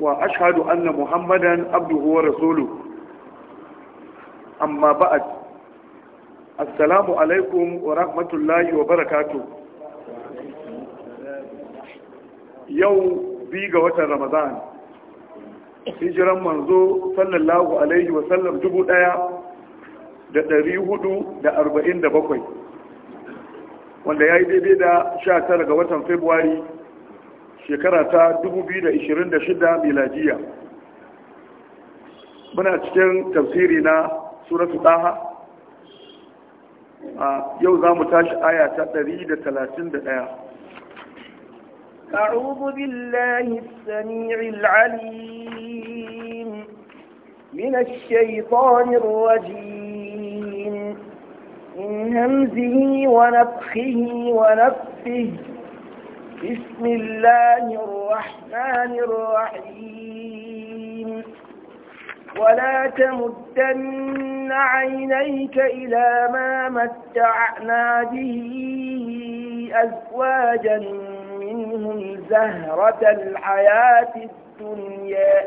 wa ashhadu anna muhammadan abduhu wa rasulu amma ba'd assalamu alaikum wa rahmatullahi wa barakatuh yau bi ga watan ramadan hijiran manzo sallallahu alaihi wa sallam dubu daya da ɗari hudu da arba'in da bakwai wanda ya yi daidai da sha tara ga watan februari shekara ta 2026 miladiya muna cikin tafsiri na suratu ɗaha a yau za mu tashi aya ta 131 أعوذ بالله السميع العليم من الشيطان الرجيم من همزه ونفخه ونفه بسم الله الرحمن الرحيم ولا تمدن عينيك إلى ما متعنا به أزواجا منهم زهرة الحياة الدنيا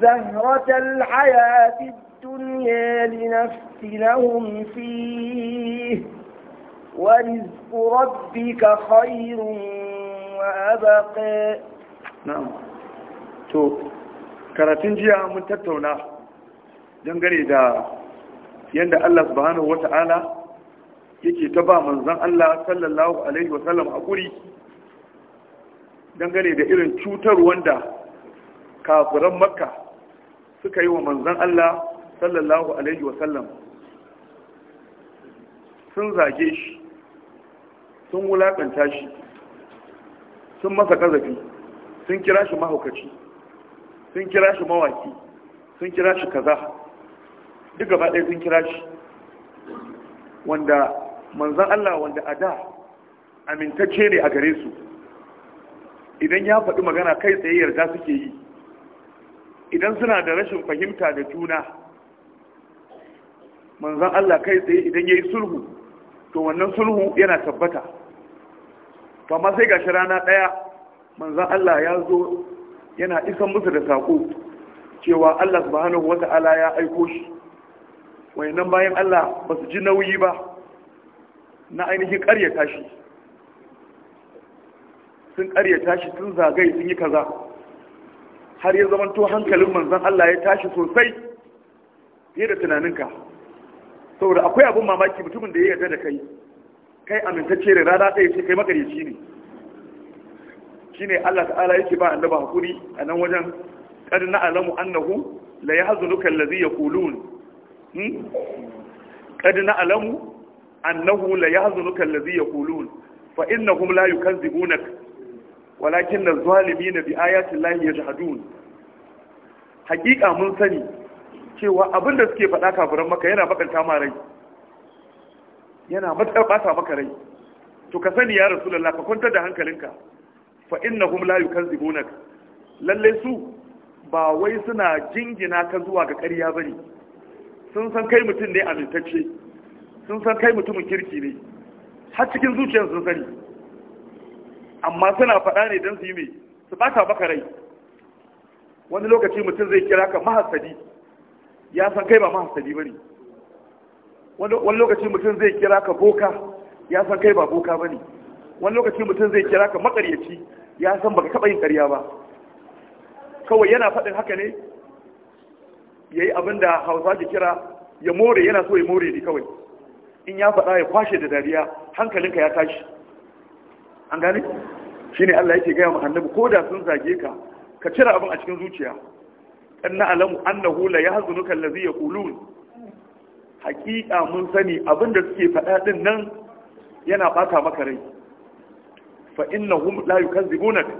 زهرة الحياة الدنيا لنفتنهم فيه ورزق ربك خير وأبقى نعم تو karatun jiya mun tattauna dangane da yadda Allah subhanahu yake ta ba manzon Allah sallallahu alaihi wasallam hakuri dangane da irin cutar wanda kafuran makka suka yi wa manzon Allah sallallahu sun zage shi sun wulaƙanta shi sun masa ƙazafi sun kira shi mahaukaci sun kira shi mawaki sun kira shi kaza duka gaba ɗaya sun kira shi wanda manzan Allah wanda a da amintacce ne a gare su idan ya faɗi magana kai tsaye yarda suke yi idan suna da rashin fahimta da juna manzan Allah kai tsaye idan ya yi sulhu to wannan sulhu yana tabbata to amma sai gashi rana ɗaya manzon Allah ya zo yana isan musu da sako cewa Allah subhanahu wata'ala ya aiko shi wayannan bayan Allah ba su ji nauyi ba na ainihin ƙaryata shi sun ƙaryata shi sun zagaye sun yi kaza har ya zamanto hankalin manzan Allah ya tashi sosai fiye da tunaninka saboda akwai abin mamaki mutumin da ya yarda da kai kai amintacce da rana ɗaya ce kai makaryaci ne Shi ne Allah ta'ala yake ba annaba hakuri a nan wajen kad alamu annahu la yahzunuka allazi yaqulun kad hmm? alamu annahu la yahzunuka allazi yaqulun fa innahum la yukadzibunak walakin az-zalimin bi ayati llahi yajhadun hakika mun sani cewa abinda suke faɗa kafiran maka yana bakanta ma rai yana matsar ɓata maka rai to ka sani ya lalla ka kwantar da hankalinka fa hum la zibunak. lalle su ba wai suna jingina ka zuwa ga ƙarya ne. sun san kai mutum ne amintacce sun san kai mutumin kirki ne har cikin zuciyar sun sani amma suna faɗa ne don su yi mai su ɓata maka rai wani lokaci mutum zai kira ka mahasadi ya san kai ba mahasadi ba ne. wani lokaci mutum zai kira ka boka ya san kai ba boka ba ne wani lokaci mutum zai kira ka makaryaci ya san baka taɓa yin ƙarya ba kawai yana faɗin haka ne ya yi abin da hausa ke kira ya more yana so ya more ne kawai in ya faɗa ya kwashe da dariya hankalinka ya tashi an gane shi ne allah yake gaya annabi ko da sun zage ka ka cire abin a cikin zuciya ɗan na'alamu, alamu annahu la ya hazunuka lazi ya kulun hakika mun sani abin da suke faɗa ɗin nan yana bata maka rai fa innahum la yukazzibunaka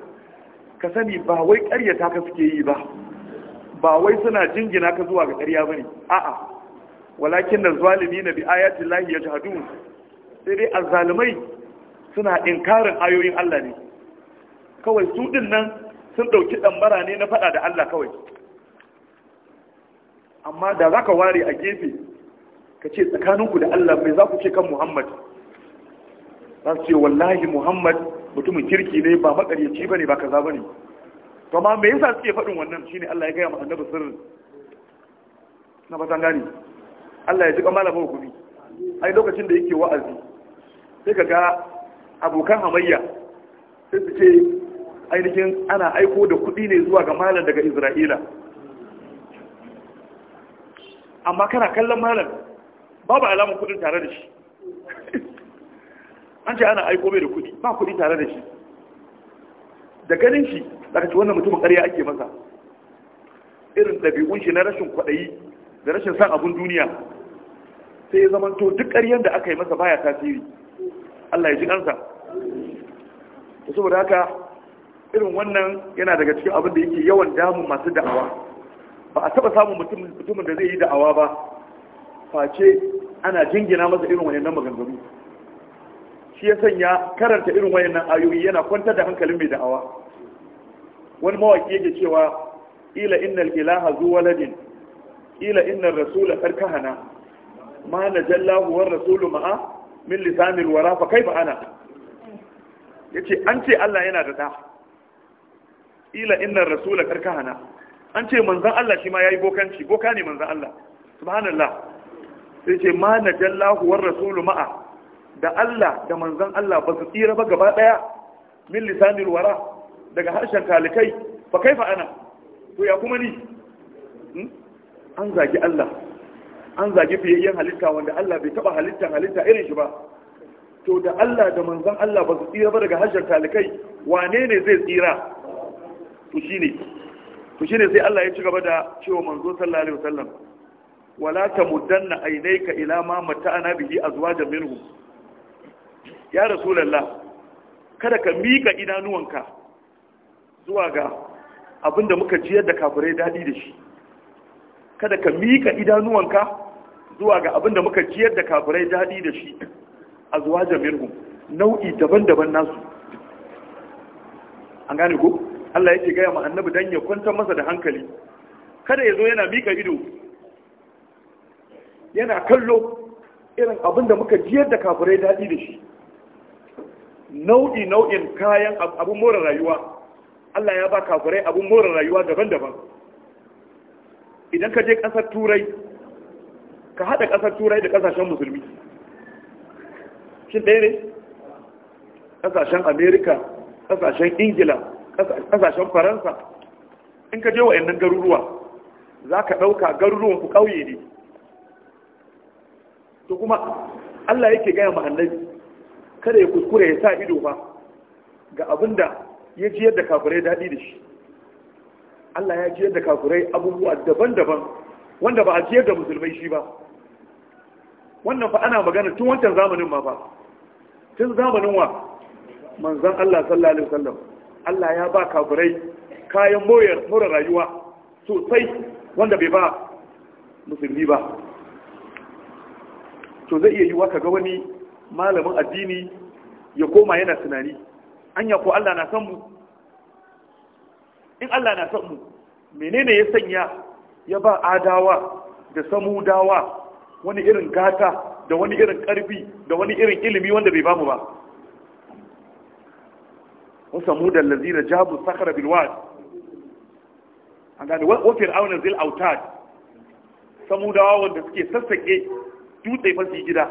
ka sani ba wai ƙaryata ka suke yi ba ba wai suna jingina ka zuwa ga ƙarya bane a'a walakin da zalimi na bi ayati llahi yajhadun sai dai azzalimai suna inkarin ayoyin Allah ne kawai su din nan sun ɗauki ɗambara ne na faɗa da Allah kawai amma da zaka ware a gefe ka ce tsakaninku da Allah mai za ku ce kan Muhammad za su ce wallahi Muhammad mutumin kirki ne ba makaryaci ne ba kaza ne to ma me yasa suke faɗin wannan shine Allah ya gaya ma annabi sirrin na ba gani Allah ya tuka malamin hukumi ai lokacin da yake wa'azi sai ka ga abokan hamayya sai su ce ainihin ana aiko da kuɗi ne zuwa ga malam daga Isra'ila amma kana kallon malam babu alamun kudin tare da shi an ce ana aiko mai da kudi ba kudi tare da shi da ganin shi daga ci wannan mutumin ƙarya ake masa irin ɗabi'un shi na rashin kwaɗayi da rashin san abun duniya sai ya zamanto duk ƙaryar da aka yi masa baya tasiri Allah ya ji kansa da saboda haka irin wannan yana daga cikin abin da yake yawan damun masu da'awa ba a taba samun mutumin da zai yi da'awa ba face ana jingina masa irin wayannan maganganu shi ya sanya karanta irin wayannan ayoyi yana kwantar da hankalin mai da'awa wani mawaki yake cewa ila innal ilaha zu waladin ila innar rasula karkahana ma najallahu war rasulu ma'a min lisanil wara fa kaifa ana yace an ce Allah yana da da ila innar rasula karkahana an ce manzon Allah shi ma yayi bokanci boka ne manzon Allah subhanallah sai ce ma na jallahu war rasulu ma'a da Allah da manzan Allah ba su tsira ba gaba daya min lisanil wara daga harshen kalikai fa kaifa ana to ya kuma ni hmm? an zagi Allah an zagi fiyayyen halitta wanda Allah bai taba halittan halitta irin shi ba to da Allah da manzan Allah ba su tsira ba daga harshen kalikai wane ne zai tsira to shine to shine sai Allah ya ci gaba da cewa manzo sallallahu alaihi wasallam wala ta tamuddanna aynayka ila ma a bihi azwajan minhu ya rasulullah kada ka mika idanuwanka zuwa ga abinda muka jiyar da kafirai dadi da shi kada ka mika idanuwanka zuwa ga abinda muka jiyar da kafirai dadi da shi azwajan minhu nau'i daban-daban nasu an gane ko Allah yake gaya ma annabi dan ya kwantar masa da hankali kada ya zo yana mika ido yana kallo irin abin da muka jiyar da kafirai daɗi da shi nau'i nau'in kayan abin more rayuwa Allah ya ba kafirai abin more rayuwa daban-daban idan ka je ƙasar turai ka haɗa ƙasar turai da ƙasashen musulmi shin ɗaya ne ƙasashen amerika ƙasashen ingila ƙasashen faransa in ka je wa'annan garuruwa za ka ɗauka garuruwan ku ƙauye ne to kuma Allah yake gaya ma annabi kada ya kuskure ya sa ido ba ga abin da ya ji yadda kafirai daɗi da shi Allah ya ji yadda kafirai abubuwa daban-daban wanda ba a ji yadda musulmai shi ba wannan fa ana magana tun wancan zamanin ma ba tun zamanin wa manzan Allah sallallahu alaihi wasallam Allah ya ba kafirai kayan more rayuwa sosai wanda bai ba musulmi ba to zai iya yiwa kaga wani malamin addini ya koma yana tunani anya ko Allah na san mu in Allah na san mu menene ya sanya ya ba adawa da samudawa wani irin gata da wani irin karfi da wani irin ilimi wanda bai bamu ba wasamu da lazira jabu sakara bilwad an gane wa auna zil autad samudawa wanda suke sassake dutse fa su yi gida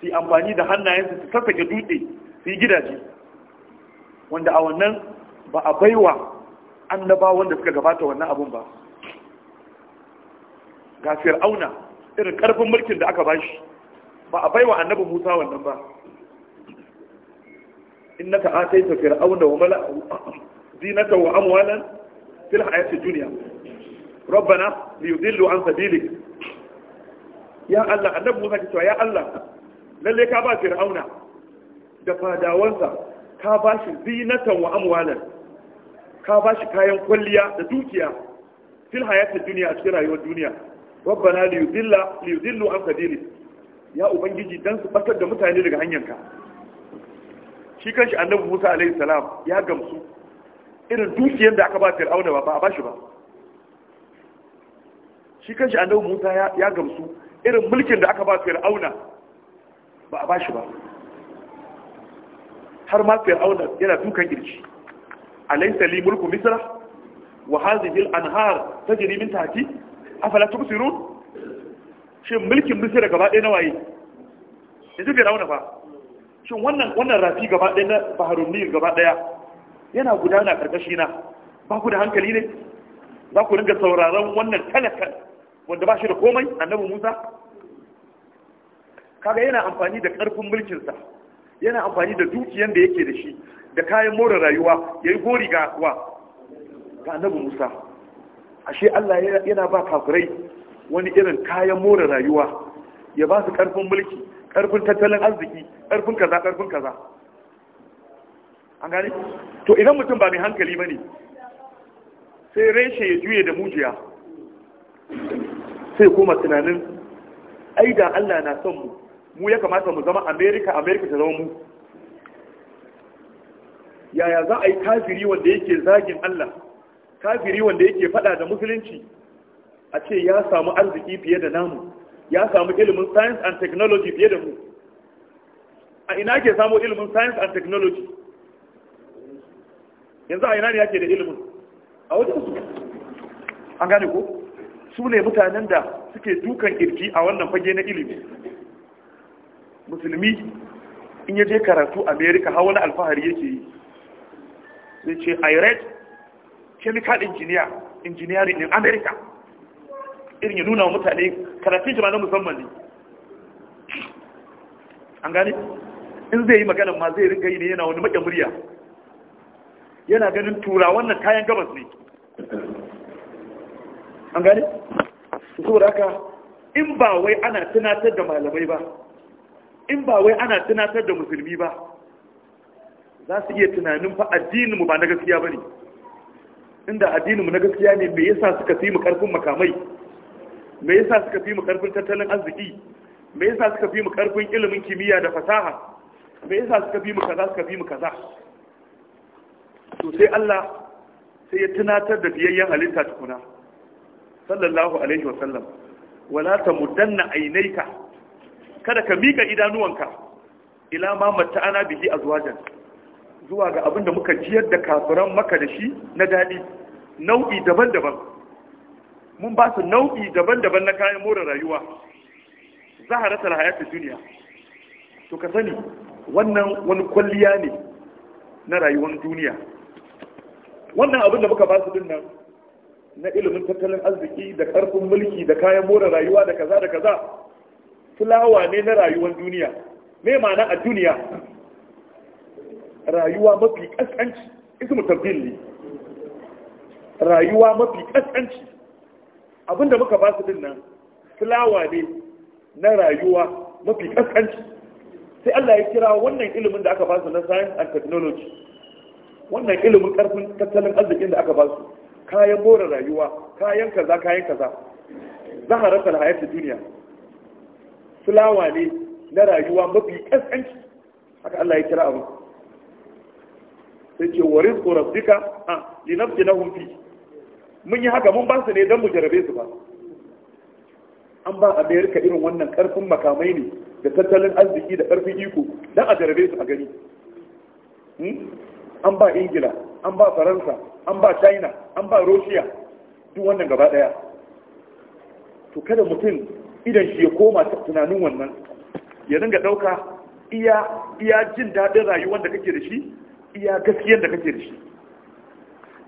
su amfani da hannayensu su sassake dutse su yi gidaje wanda a wannan ba a baiwa annaba wanda suka gabata wannan abun ba ga fir'auna irin karfin mulkin da aka bashi ba a baiwa annabi musa wannan ba innaka ataita fir'auna wa mala zinata wa amwalan fil hayati dunya ربنا ليضلوا عن سبيلك ya Allah annabi Musa ke cewa ya Allah lalle ka ba Fir'auna da fadawansa ka ba shi zinatan wa amwalan ka ba shi kayan kwalliya da dukiya fil hayatid dunya a cikin rayuwar duniya rabbana li yudilla li yudillu an sabilik ya ubangiji dan su batar da mutane daga hanyarka shi kanshi annabi Musa alaihi salam ya gamsu irin dukiyar da aka ba Fir'auna ba ba a ba shi ba shi kanshi annabi Musa ya gamsu irin mulkin da aka ba fir'auna ba a ba shi ba har ma fir'auna yana dukan girki laisa li mulku misra wa hadhihi al-anhar tajri min tahti afala tubsirun shin mulkin misra gaba ɗaya waye yanzu fir'auna ba? shin wannan wannan rafi gaba ɗaya na baharun nil gaba ɗaya yana gudana karkashi na ba ku da hankali ne Ba ku ringa sauraron wannan talakan wanda ba shi da komai annabi musa kaga yana amfani da ƙarfin mulkinsa yana amfani da dukiyan da yake da shi da kayan more rayuwa ya yi gori ga wa ga annabi musa ashe allah yana ba kafirai wani irin kayan more rayuwa ya ba su ƙarfin mulki ƙarfin tattalin arziki ƙarfin kaza ƙarfin kaza an gane to idan mutum ba mai hankali ba ne sai reshe ya juye da mujiya sai kuma tunanin ai da Allah na son mu mu ya kamata mu zama America America ta zama mu yaya za a yi kafiri wanda yake zagin Allah kafiri wanda yake fada da musulunci a ce ya samu arziki fiye da namu ya samu ilimin science and technology fiye da mu a ina ke samu ilimin science and technology yanzu a ina ne yake da ilimin a wajen su an gane ko su ne mutanen da suke dukan kirki a wannan fage na ilimi musulmi in ya je karatu america hawa na alfahari yake yi zai ce i read chemical engineer engineering in america irin ya nuna wa mutane karatun shi ma na musamman ne an gani in zai yi magana ma zai ringa yi ne yana wani maƙya murya yana ganin tura wannan kayan gabas ne an gane saboda haka in ba wai ana tunatar da malamai ba in ba wai ana tunatar da musulmi ba za su iya tunanin fa addininmu ba na gaskiya ba ne inda addininmu na gaskiya ne me yasa suka fi mu karfin makamai me yasa suka fi mu karfin tattalin arziki me yasa suka fi mu karfin ilimin kimiyya da fasaha me yasa suka fi mu kaza suka fi mu kaza to sai Allah sai ya tunatar da biyayyen halitta tukuna sallallahu alaihi wasallam wala ta mudanna ainaika kada ka mika idanuwanka ila ma ana bihi azwajan zuwa ga abinda muka jiyar da kafiran maka da shi na dadi nau'i daban-daban mun ba su nau'i daban-daban na kayan more rayuwa ta hayata duniya to ka sani wannan wani kwalliya ne na rayuwar duniya wannan abin da muka ba su dinnan na ilimin tattalin arziki da karfin mulki da kayan more rayuwa da kaza da kaza fulawa ne na rayuwar duniya me ma'ana a duniya rayuwa mafi kaskanci ismu tabdil ne rayuwa mafi kaskanci abinda muka ba su din nan fulawa ne na rayuwa mafi kaskanci sai Allah ya kira wannan ilimin da aka ba su na science and technology wannan ilimin karfin tattalin arzikin da aka ba su kayan more rayuwa kayan kaza kayan kaza rasa salhayatar duniya fulawa ne na rayuwa mafi ƙasƙanci haka Allah ya kira abu sai ce wa rizqu duka a na hunfi mun yi haka mun ba su ne don mu jarabe su ba an ba amerika irin wannan karfin makamai ne da tattalin arziki da karfin iko don a jarabe su a gani hmm? an ba ingila an ba faransa an ba china an ba russia duk wannan gaba daya to kada mutum idan shi ya koma tunanin wannan ya dinga dauka iya iya jin dadin rayuwar da kake da shi iya gaskiyar da kake da shi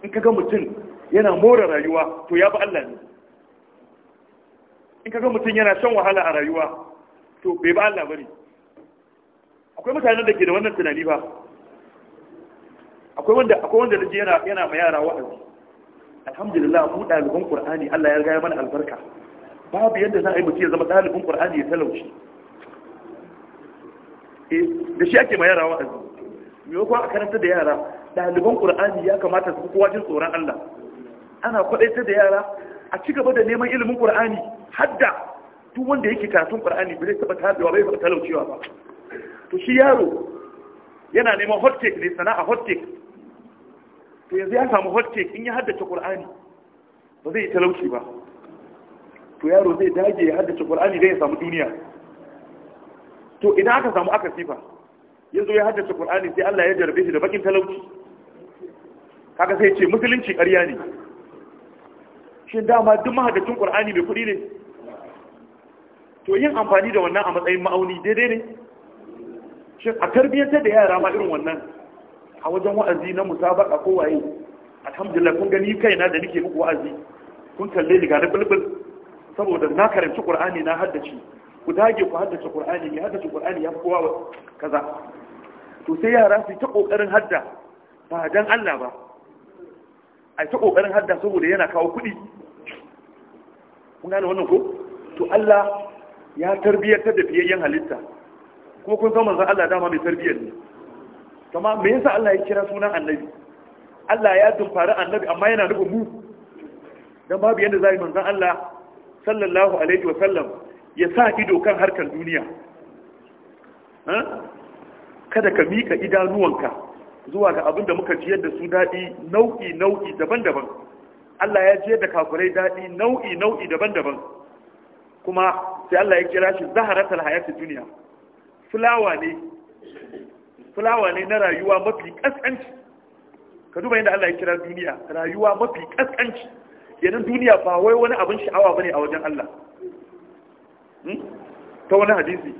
in kaga mutum yana more rayuwa to ya bi Allah ne in kaga mutum yana shan wahala a rayuwa to bai bi Allah bane akwai mutanen da ke da wannan tunani ba akwai wanda akwai wanda naje yana yana ma yara wa'azi alhamdulillah mu ɗaliban qur'ani Allah ya gaya mana albarka babu yadda za a yi mutum ya zama dalibin qur'ani ya talauci eh da shi ake ma yara wa'azi me ko a karanta da yara ɗaliban qur'ani ya kamata su kowa jin tsoron Allah ana ta da yara a ci gaba da neman ilimin qur'ani hadda duk wanda yake karatun qur'ani bai taba tabewa bai taba talaucewa ba to shi yaro yana neman hot cake ne sana'a hot cake to yanzu ya samu hotte in ya haddace ƙul'ani ba zai yi talauci ba to yaro zai dage ya haddace ƙul'ani zai ya samu duniya to idan aka samu aka sifa yanzu ya haddace ƙul'ani sai Allah ya jarbe shi da bakin talauci Kaka sai ce musulunci ƙarya ne shin dama duk mahaddacin ƙul'ani mai kuɗi ne to yin amfani da wannan a matsayin ma'auni daidai ne shin a tarbiyyantar da yara ma irin wannan a wajen wa'azi na musabaka ko waye alhamdulillah kun gani kaina da nake muku wa'azi kun kalle ni ga bulbul saboda na karanci qur'ani na haddace ku dage ku haddace qur'ani mai haddace qur'ani ya kowa kaza to sai yara su ta kokarin hadda ba dan Allah ba a ta kokarin hadda saboda yana kawo kuɗi kun gane wannan ko to Allah ya tarbiyyar da fiyayyen halitta kuma kun san manzon Allah dama mai tarbiyyar ne kama me yasa Allah ya kira sunan annabi Allah ya dumfari annabi amma yana nufin mu dan babu yanda zai manzon Allah sallallahu alaihi wa sallam ya sa ido kan harkar duniya kada ka mika idanuwanka zuwa ga abinda muka ji yadda su daɗi nau'i nau'i daban-daban Allah ya ji yadda kafirai daɗi nau'i nau'i daban-daban kuma sai Allah ya kira shi zaharatul hayatid duniya fulawa ne fulawa ne na rayuwa mafi kaskanci ka duba yadda Allah ya kira duniya rayuwa mafi kaskanci kenan duniya ba wai wani abin sha'awa bane a wajen Allah hmm? ta wani hadisi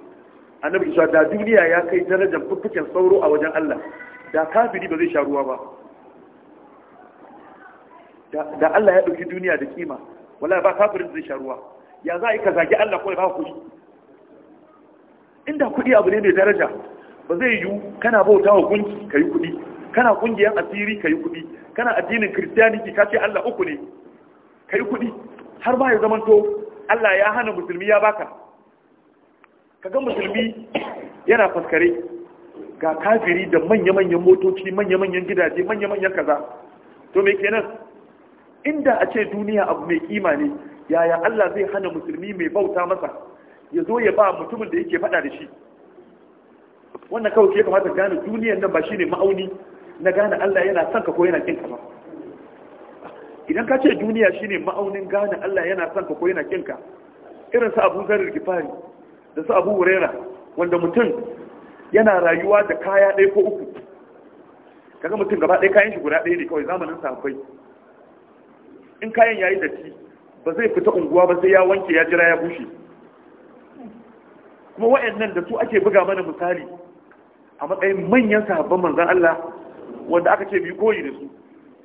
annabi isa da duniya ya kai darajar fuffuken sauro a wajen Allah da kafiri ba zai sha ruwa ba da Allah ya ɗauki duniya da kima wallahi ba kafirin zai sha ruwa ya za a yi ka zagi Allah ko ya ba kuɗi inda kuɗi abu ne mai daraja ba zai yiwu kana bauta wa gunki ka yi kuɗi kana kungiyar asiri ka yi kuɗi kana addinin kiristiyaniki ka ce allah uku ne ka yi kuɗi har ba ya zamanto allah ya hana musulmi ya baka ka ga musulmi yana faskare ga kafiri da manya-manyan motoci manya-manyan gidaje manya-manyan kaza to me kenan inda a ce duniya abu mai kima ne yaya allah zai hana musulmi mai bauta masa ya zo ya ba mutumin da yake faɗa da shi wannan kawai ke kamata gane duniyar nan ba shine ma'auni na gane Allah yana son ka ko yana kin ka ba idan ka ce duniya shine ma'aunin gane Allah yana son ka ko yana kin ka irin su Abu Zarir Gifari da su Abu Huraira wanda mutum yana rayuwa da kaya ɗaya ko uku kaga mutum gaba ɗaya kayan shi guda ɗaya ne kawai zamanin safai in kayan yayi datti ba zai fita unguwa ba sai ya wanke ya jira ya bushe kuma wa'annan da su ake buga mana misali a matsayin manyan sahabban manzan Allah wanda aka ce bi koyi da su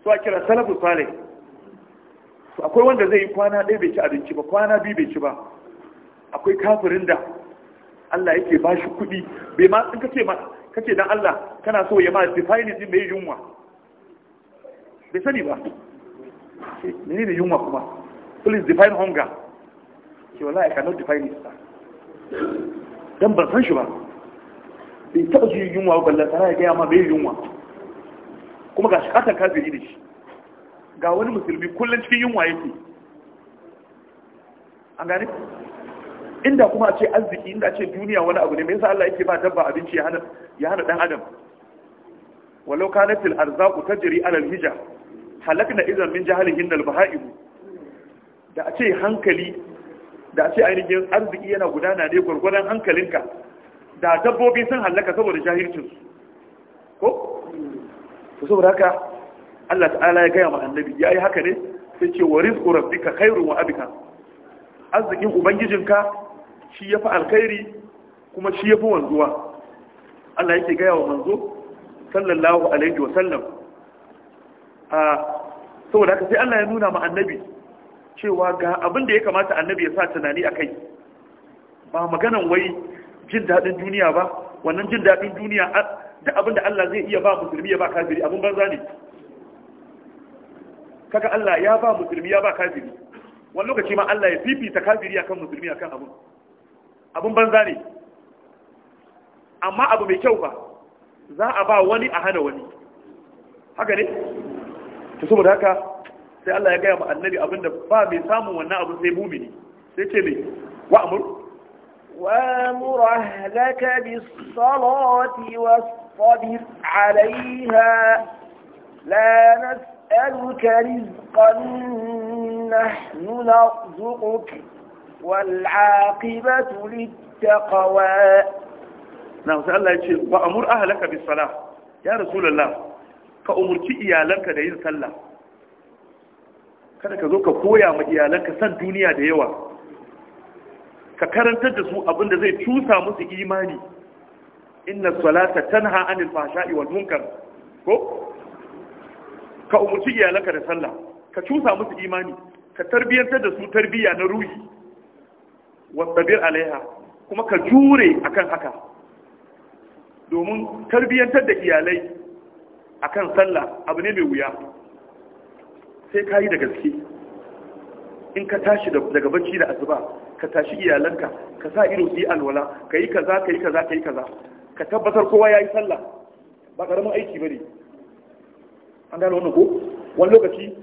su a kira salafu salih su akwai wanda zai yi kwana ɗaya bai ci abinci ba kwana biyu bai ci ba akwai kafirin da Allah yake ba shi kuɗi bai ma in kace ma kace dan Allah kana so ya ma define din mai yunwa bai sani ba menene yunwa kuma please define hunger Ki wallahi i cannot define it don ban san shi ba bai taɓa ji yunwa ballan sana ya gaya ma bai yunwa kuma ga shakatan kafiri da shi ga wani musulmi kullum cikin yunwa yake an gane inda kuma a ce arziki inda ce duniya wani abu ne mai yasa Allah yake ba dabba abinci ya hana dan adam walau kanat al arzaqu tajri ala al hija halakna idan min jahalihin al baha'im da a ce hankali da ce ainihin arziki yana gudana ne gwargwadon hankalinka da dabbobi sun hallaka saboda jahilcinsu ko? to saboda haka Allah ta'ala ya gaya ma annabi ya yi haka ne sai ce wa rabbi rabbika khairun wa abika arzikin ubangijinka shi ya fi alkhairi kuma shi ya fi wanzuwa Allah yake gaya wa manzo sallallahu alaihi wa sallam a ah, saboda haka sai Allah ya nuna ma annabi cewa ga abin da ya kamata annabi ya sa tunani a kai ba maganan wai jin daɗin duniya ba wannan jin daɗin duniya da abin da Allah zai iya ba musulmi ya ba kafiri abin banza ne kaga Allah ya ba musulmi ya ba kafiri wani lokaci ma Allah ya fifita kafiri akan musulmi akan abin abin banza ne amma abu mai kyau ba za a ba wani a hana wani haka ne to saboda haka sai Allah ya gaya ma annabi abinda ba mai samun wannan abu sai mumini sai ce mai wa'amur وامر أهلك بالصلاة واصطبر عليها لا نسألك رزقا نحن نرزقك والعاقبة للتقوى نعم سأل الله يقول وأمر أهلك بالصلاة يا رسول الله ka umurci iyalanka da yin sallah kada ka zo ka koya ma iyalanka san duniya da yawa ka karantar da su abin da zai cusa musu imani inna salata tanha anil fahsha'i wal munkar ko ka umurci iyalanka da sallah ka cusa musu imani ka tarbiyantar da su tarbiya na ruhi wasabir alaiha kuma ka jure akan haka domin tarbiyantar da iyalai akan sallah abu ne mai wuya sai ka yi da gaske in ka tashi daga bacci da asuba ka tashi iyalanka ka sa ido su yi alwala ka yi kaza ka yi kaza ka yi kaza ka tabbatar kowa ya yi sallah ba karamin aiki ba ne an gano wannan ko wani lokaci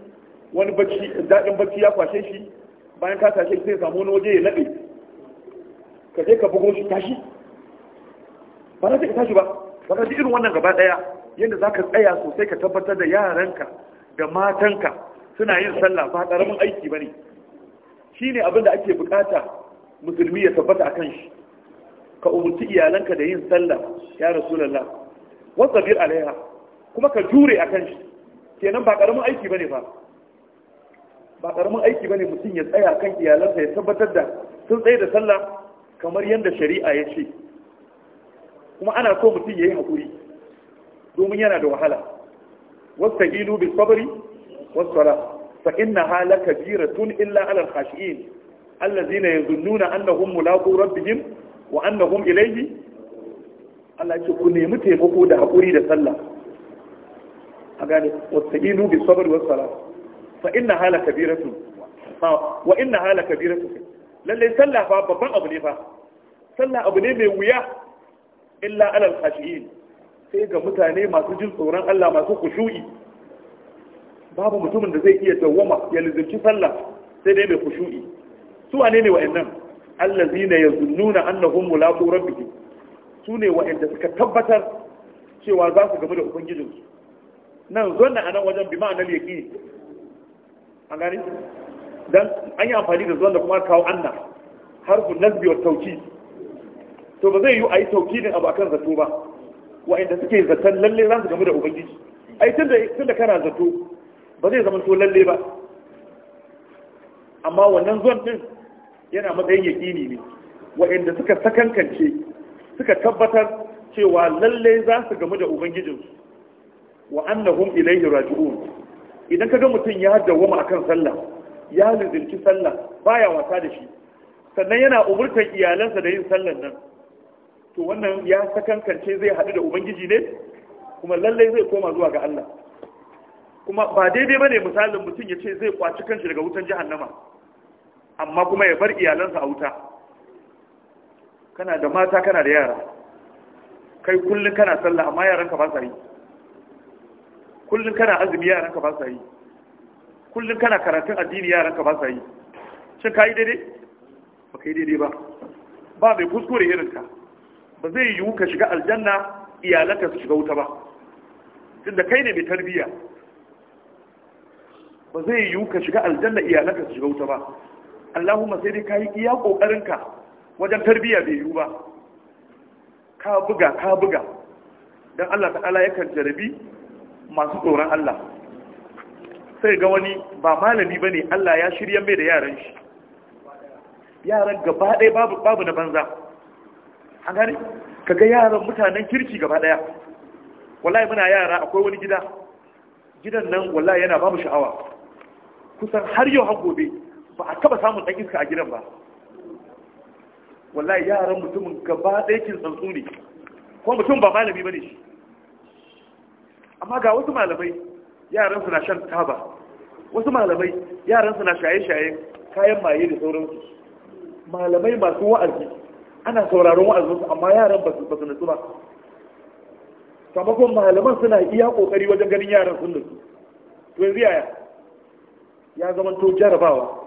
wani bacci daɗin bacci ya kwashe shi bayan ka tashe shi sai samu wani waje ya laɓe ka je ka bugo shi tashi ba za ka tashi ba ba ji irin wannan gaba ɗaya yadda za ka tsaya sosai ka tabbatar da yaranka da matanka suna yin sallah ba ƙaramin aiki ba ne shi ne abin da ake bukata musulmi ya tabbata a kan shi ka umarci iyalanka da yin sallah ya rasulallah wasa bir alaiha kuma ka jure a kan shi kenan ba ƙaramin aiki ba ne ba ba ƙaramin aiki ba ne mutum ya tsaya kan iyalansa ya tabbatar da sun tsaye da sallah kamar yadda shari'a ya ce kuma ana so mutum ya yi haƙuri domin yana da wahala wasta gilu bi sabari والصلاة فإنها لكبيرة إلا على الخاشئين الذين يظنون أنهم ملاقو ربهم وأنهم إليه Allah ce ku nemi taimako da haƙuri da sallah a gane wasta'inu bi sabr wa fa inna hala kabiratu wa sallah fa babban abu ne sallah abu ne mai wuya illa alal sai ga mutane masu jin tsoron Allah masu kushu'i babu mutumin da zai iya dawwama ya lizinci sallah sai dai mai khushu'i su wane ne wa'annan allazina yazunnuna annahum mulaqu rabbihim su ne wa'anda suka tabbatar cewa za su gamu da su. nan zonna anan wajen bi ma'anar yaqin an gani? dan an yi amfani da zonna kuma kawo anna harfu nazbi wa tawkid to ba zai yi ayi yi din abu akan zato ba wa'anda suke zaton lalle za su gamu da ubangiji ai tunda tunda kana zato ba zai zama to lalle ba amma wannan zuwan din yana matsayin yaƙini ne waɗanda suka sakankance suka tabbatar cewa lalle za su gamu da ubangijinsu wa annahum yi raji'un idan ga mutum ya dawwama akan sallah ya lizinci sallah baya wasa da shi sannan yana umurtar iyalansa da yin sallan nan to wannan ya sakankance zai haɗu da ubangiji ne kuma lalle zai koma zuwa ga Allah kuma ba daidai ba ne misalin mutum ya ce zai kwaci kanshi daga wutan jahannama amma kuma ya bar iyalansa a wuta kana da mata kana da yara kai kullum kana sallah amma yaranka ba sa yi kullum kana azumi yaranka ba sa yi kullum kana karatun addini yaranka ba sa yi shin ka yi daidai ba ka yi daidai ba ba mai kuskure irinka ba zai yiwu ka shiga aljanna iyalanka su shiga wuta ba tunda kai ne mai tarbiyya ba zai yiwu ka shiga aljanna iyalanka su shiga wuta ba Allahumma sai dai kayi iya ƙoƙarinka wajen tarbiyya bai yiwu ba ka buga ka buga dan Allah ta'ala yakan jarabi masu tsoron Allah sai ga wani ba malami bane Allah ya shirya mai da yaran shi yaran gaba ɗaya babu babu na banza an gane kaga yaran mutanen kirki gaba ɗaya wallahi muna yara akwai wani gida gidan nan wallahi yana babu sha'awa kusan har yau har gobe ba a taba samun ɗan iska a gidan ba wallahi yaran mutumin gaba ɗaya kin tsantsu ne kuma mutum ba malami ba ne shi amma ga wasu malamai yaran suna shan taba wasu malamai yaran suna shaye-shaye kayan maye da sauransu malamai masu wa'azi ana sauraron wa'azinsu amma yaran ba su nutsu ba sabakon malaman suna iya kokari wajen ganin yaran sun nutsu to yanzu yaya ya zama to jarabawa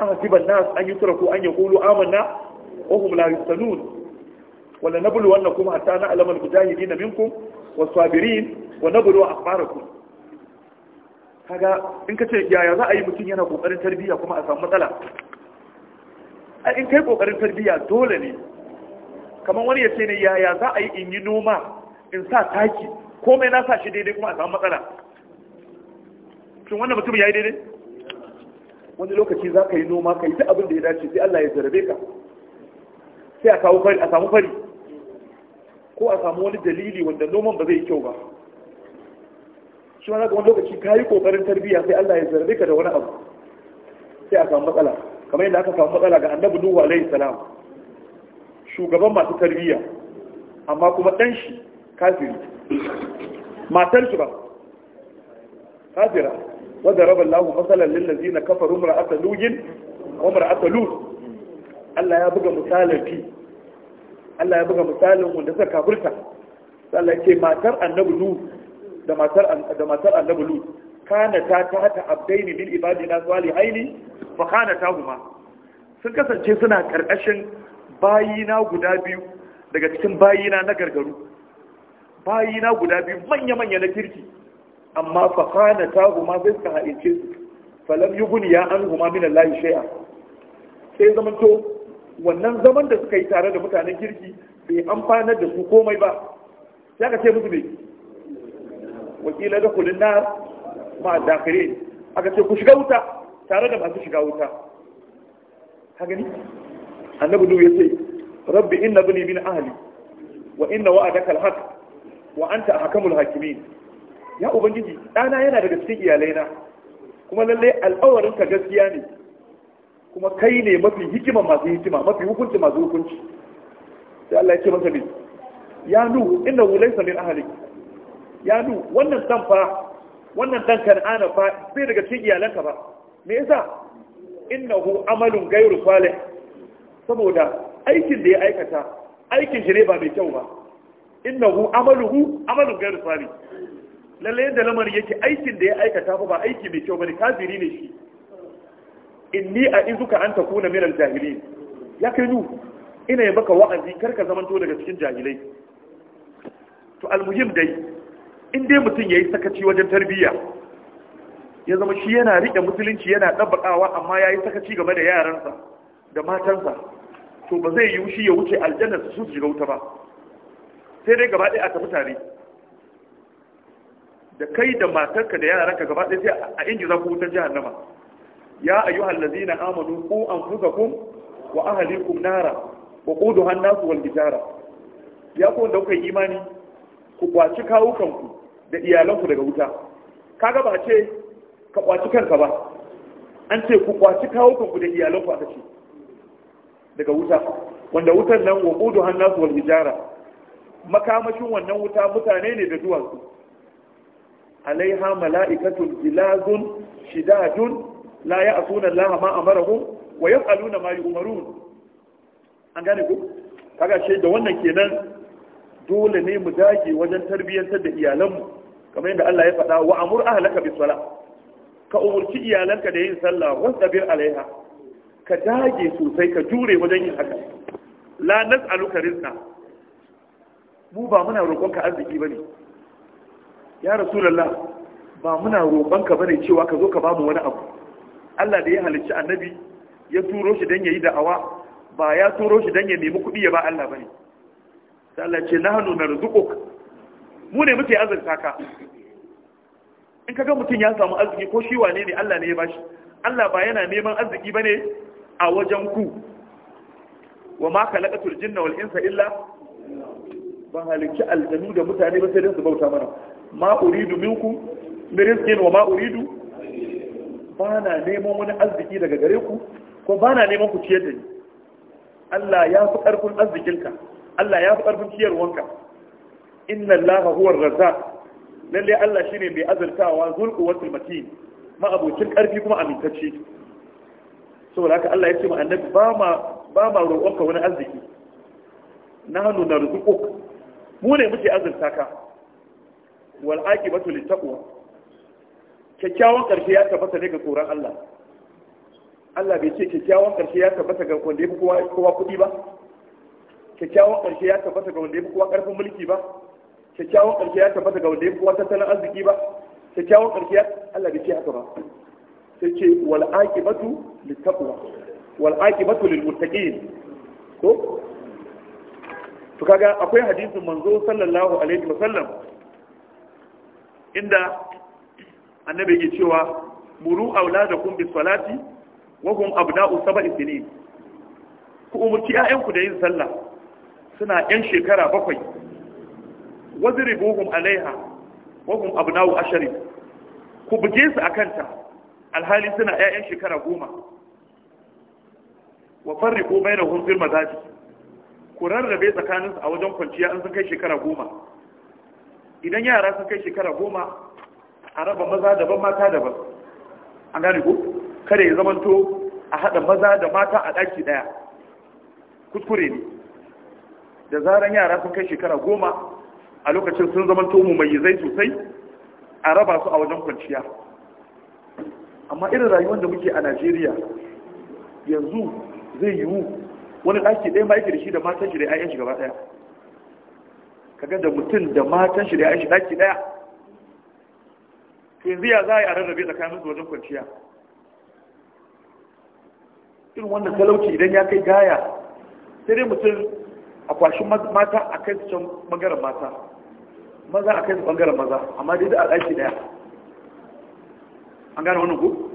an hasiban nas an yi turaku an ya kulu amanna wa hum la yuftanun wala nablu annakum hatta na'lamu al-mujahidin minkum was-sabirin wa nablu akhbarakum kaga in ka ce yaya za a yi mutum yana kokarin tarbiyya kuma a samu matsala a in kai kokarin tarbiyya dole ne kamar wani ya ce ne yaya za a yi in yi noma in sa taki komai na sa shi daidai kuma a samu matsala shin wannan mutum ya yi daidai wani lokaci za ka yi noma ka yi ta abin da ya dace sai Allah ya zarabe ka sai a fari samu fari ko a samu wani dalili wanda noman ba zai yi kyau ba shi wani wani lokaci ka yi kokarin tarbiyya sai Allah ya zarabe ka da wani abu sai a samu matsala kamar yadda aka samu matsala ga annabi nuhu alaihi salam shugaban masu tarbiyya amma kuma dan shi kafiri matar shi ba kafira وضرب الله مثلا للذين كفروا امرأة لوج وامرأة لوط Allah ya buga misalin fi Allah ya buga misalin wanda suka kafirta Allah ce matar annabi lu da matar da matar kana ta ta hata abdaini bil ibadina salihaini fa kana ta huma sun kasance suna karkashin bayina guda biyu daga cikin bayina na gargaru bayina guda biyu manya manya na kirki amma fa kana ta huma sai suka haice su falam guni ya an kuma min Allah shay'a sai zaman to wannan zaman da suka yi tare da mutanen kirki bai amfana da su komai ba Ya ka ce musu ne wakila da kulun nar ma aka ce ku shiga wuta tare da masu shiga wuta ka gani annabi nuhu ce rabbi inna bani min ahli wa inna wa'adaka alhaq wa'anta wa anta ahkamul hakimin ya ubangiji ɗana yana daga cikin iyalaina kuma lallai ka gaskiya ne kuma kai ne mafi hikima masu hikima mafi hukunci masu hukunci sai Allah ya ce masa ne ya nu inna laysa min ahlik ya nu wannan dan fa wannan dan ana fa sai daga cikin iyalanka ba me yasa innahu amalun ghairu salih saboda aikin da ya aikata aikin shi ne ba mai kyau ba innahu amaluhu amalun ghairu salih lalle yadda lamarin yake aikin da ya aikata ba aiki mai kyau bane kafiri ne shi inni a izuka an takuna minal jahilin ya kai nu ina yi maka wa'azi kar ka zamanto daga cikin jahilai to almuhim dai in dai mutum ya yi sakaci wajen tarbiyya ya zama shi yana riƙe musulunci yana ɗabbaƙawa amma ya yi sakaci game da yaransa da matansa to ba zai yi shi ya wuce aljanna su shiga wuta ba sai dai gaba ɗaya a tafi tare da kai da matarka da yaranka gaba ɗaya sai a ingiza ku wutar nama ya ayyuhal ladzina amanu qu ku? wa ahalikum, nara wa kudu hannasu, nas wal hijara ya ku da kuka imani ku kwaci kawukanku da iyalanku daga wuta kaga ba ce ka kwaci kanka ba an ce ku kwaci kawukanku da iyalanku a kashe. daga wuta wanda wutan nan wa kudu hannasu, nas wal hijara makamashin wannan wuta mutane ne da duwatsu alaiha mala'ikatun gilazun shidadun la ya'suna Allah ma amarahum wa yaf'aluna ma yu'marun an gane ku kaga ce da wannan kenan dole ne mu dage wajen tarbiyyantar da iyalanmu kamar yadda Allah ya faɗa wa amur ahlaka bis sala ka umurci iyalanka da yin sallah wasabir alaiha ka dage sosai ka jure wajen yin haka la nas'aluka rizqa mu ba muna roƙon ka arziki bane ya rasulullah ba muna roban ka bane cewa ka zo ka bamu wani abu Allah da ya halicci annabi ya turo shi dan yayi da'awa ba ya turo shi dan ya nemi kuɗi ya ba Allah bane sai Allah ce nahnu narzuquk mu ne muke azurta ka in kaga mutum ya samu arziki ko shi wane ne Allah ne ya bashi Allah ba yana neman arziki bane a wajen ku wa ma khalaqatul jinna wal insa illa ba halicci aljanu da mutane ba sai dan su bauta mana ma uridu minkum min rizqin wa ma uridu ba na neman wani arziki daga gare ku ko ba na neman ku ciyar da ni Allah ya fi ƙarfin arzikinka Allah ya fi ƙarfin ciyarwanka inna Allah huwa razzaq lalle Allah shine mai azurtawa zulqu wa tilmatin ma abocin ƙarfi kuma amintacce saboda haka Allah ya ce ma annabi ba ma ba ma roƙonka wani arziki nahnu narzuquk mu ne muke azurta ka wal aqibatu littaqwa kyakkyawan karshe ya tabbata ne ga tsoron Allah Allah bai ce kyakkyawan karshe ya tabbata ga wanda ya fi kowa kowa kuɗi ba kyakkyawan karshe ya tabbata ga wanda ya fi kowa karfin mulki ba kyakkyawan karshe ya tabbata ga wanda ya fi kowa tattalin arziki ba kyakkyawan karshe ya Allah bai ce haka ba sai ce wal aqibatu littaqwa wal aqibatu lil muttaqin ko to kaga akwai hadisin manzo sallallahu alaihi wasallam inda annabi yake cewa muru auladakum bis salati wa hum abna'u sab'i sinin ku umurci ƴaƴanku da yin sallah suna ƴan shekara bakwai wazribuhum alaiha wa hum abna'u ashari ku buge su akanta alhali suna ƴaƴan shekara goma wa farriqu bainahum fil mazaji ku rarrabe tsakaninsu a wajen kwanciya an sun kai shekara goma idan yara sun kai shekara goma a raba maza daban mata daban an gane ko kada ya zamanto a haɗa maza da mata a ɗaki ɗaya kuskure ne da zaran yara sun kai shekara goma a lokacin sun zamanto mu mai zai sosai a raba su a wajen kwanciya amma irin rayuwar da muke a najeriya yanzu zai yiwu wani ɗaki ɗaya ma yake da shi da matan shi da 'ya'yan shi gaba ɗaya kaga da mutum da matan shi da ya shi daki daya ke yanzu ya za a yi a rarrabe tsakanin su wajen kwanciya irin wannan talauci idan ya kai gaya sai dai mutum a kwashi mata a kai su can bangaren mata maza a kai su bangaren maza amma dai da daki daya an gane wannan ku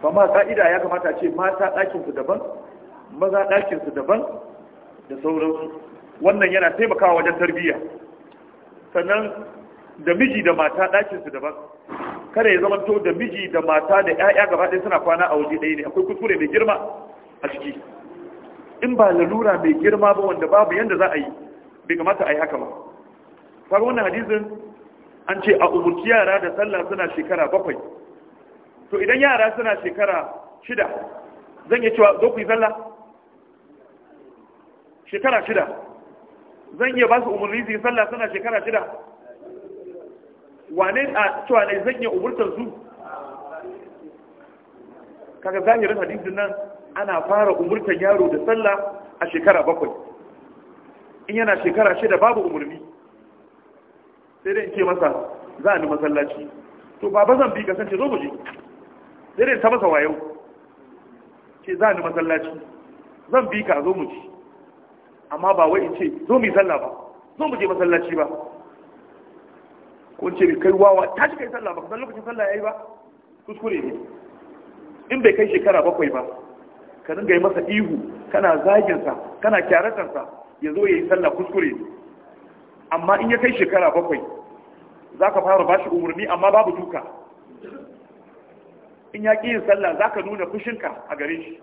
ba ma ka'ida ya kamata ce mata ɗakinsu daban maza ɗakinsu daban da sauransu wannan yana taimakawa wajen tarbiyya sannan da miji da mata ɗakin daban kada ya zamanto da miji da mata da 'ya'ya gaba ɗaya suna kwana a waje ɗaya ne akwai kuskure mai girma a ciki in ba lalura mai girma ba wanda babu yanda za a yi bai kamata a yi haka ba kaga wannan hadisin an ce a umurci yara da sallah suna shekara bakwai to idan yara suna shekara shida zan iya cewa zo ku yi sallah shekara shida zan iya ba su umarni su yi sallah suna shekara shida wane a cewa ne zan iya umurtar su kaga zahirin hadisin nan ana fara umurtar yaro da sallah a shekara bakwai in yana shekara shida babu umarni sai dai in ce masa za a ni masallaci to baba zan bi kasance zo guje sai dai ta masa wayo ce za a ni masallaci zan bi ka zo mu ci amma ba wai in ce zo mu yi sallah ba zo mu je masallaci ba ko ce kai wawa ta shi kai sallah ba kusan lokacin sallah yayi ba kuskure ne in bai kai shekara bakwai ba ka dinga yi masa ihu kana zagin sa kana kyaratar sa ya zo yayi sallah kuskure ne amma in ya kai shekara bakwai zaka fara bashi umurni amma babu duka in ya ƙi yin sallah zaka nuna fushinka a gare shi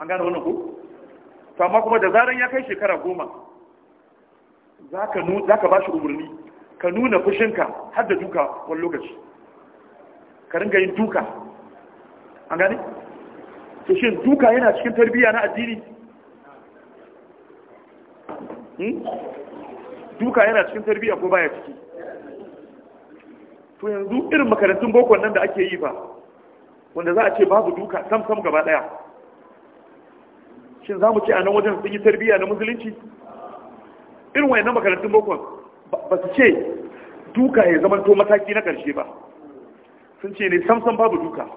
an gane wannan ko amma kuma da zaran ya kai shekara goma za ka ba shi umarni ka nuna fushinka har da duka wani lokaci ka ringa yin duka an gani? to shi duka yana cikin tarbiyya na addini hmm? duka yana cikin tarbiyya ko baya ciki to yanzu irin makarantun boko nan da ake yi ba wanda za a ce babu duka sam sam gaba daya shin za mu ce a nan wajen sun yi tarbiyya na musulunci irin wayannan makarantun bokon ba su ce duka ya zama to mataki na karshe ba sun ce ne samsan babu duka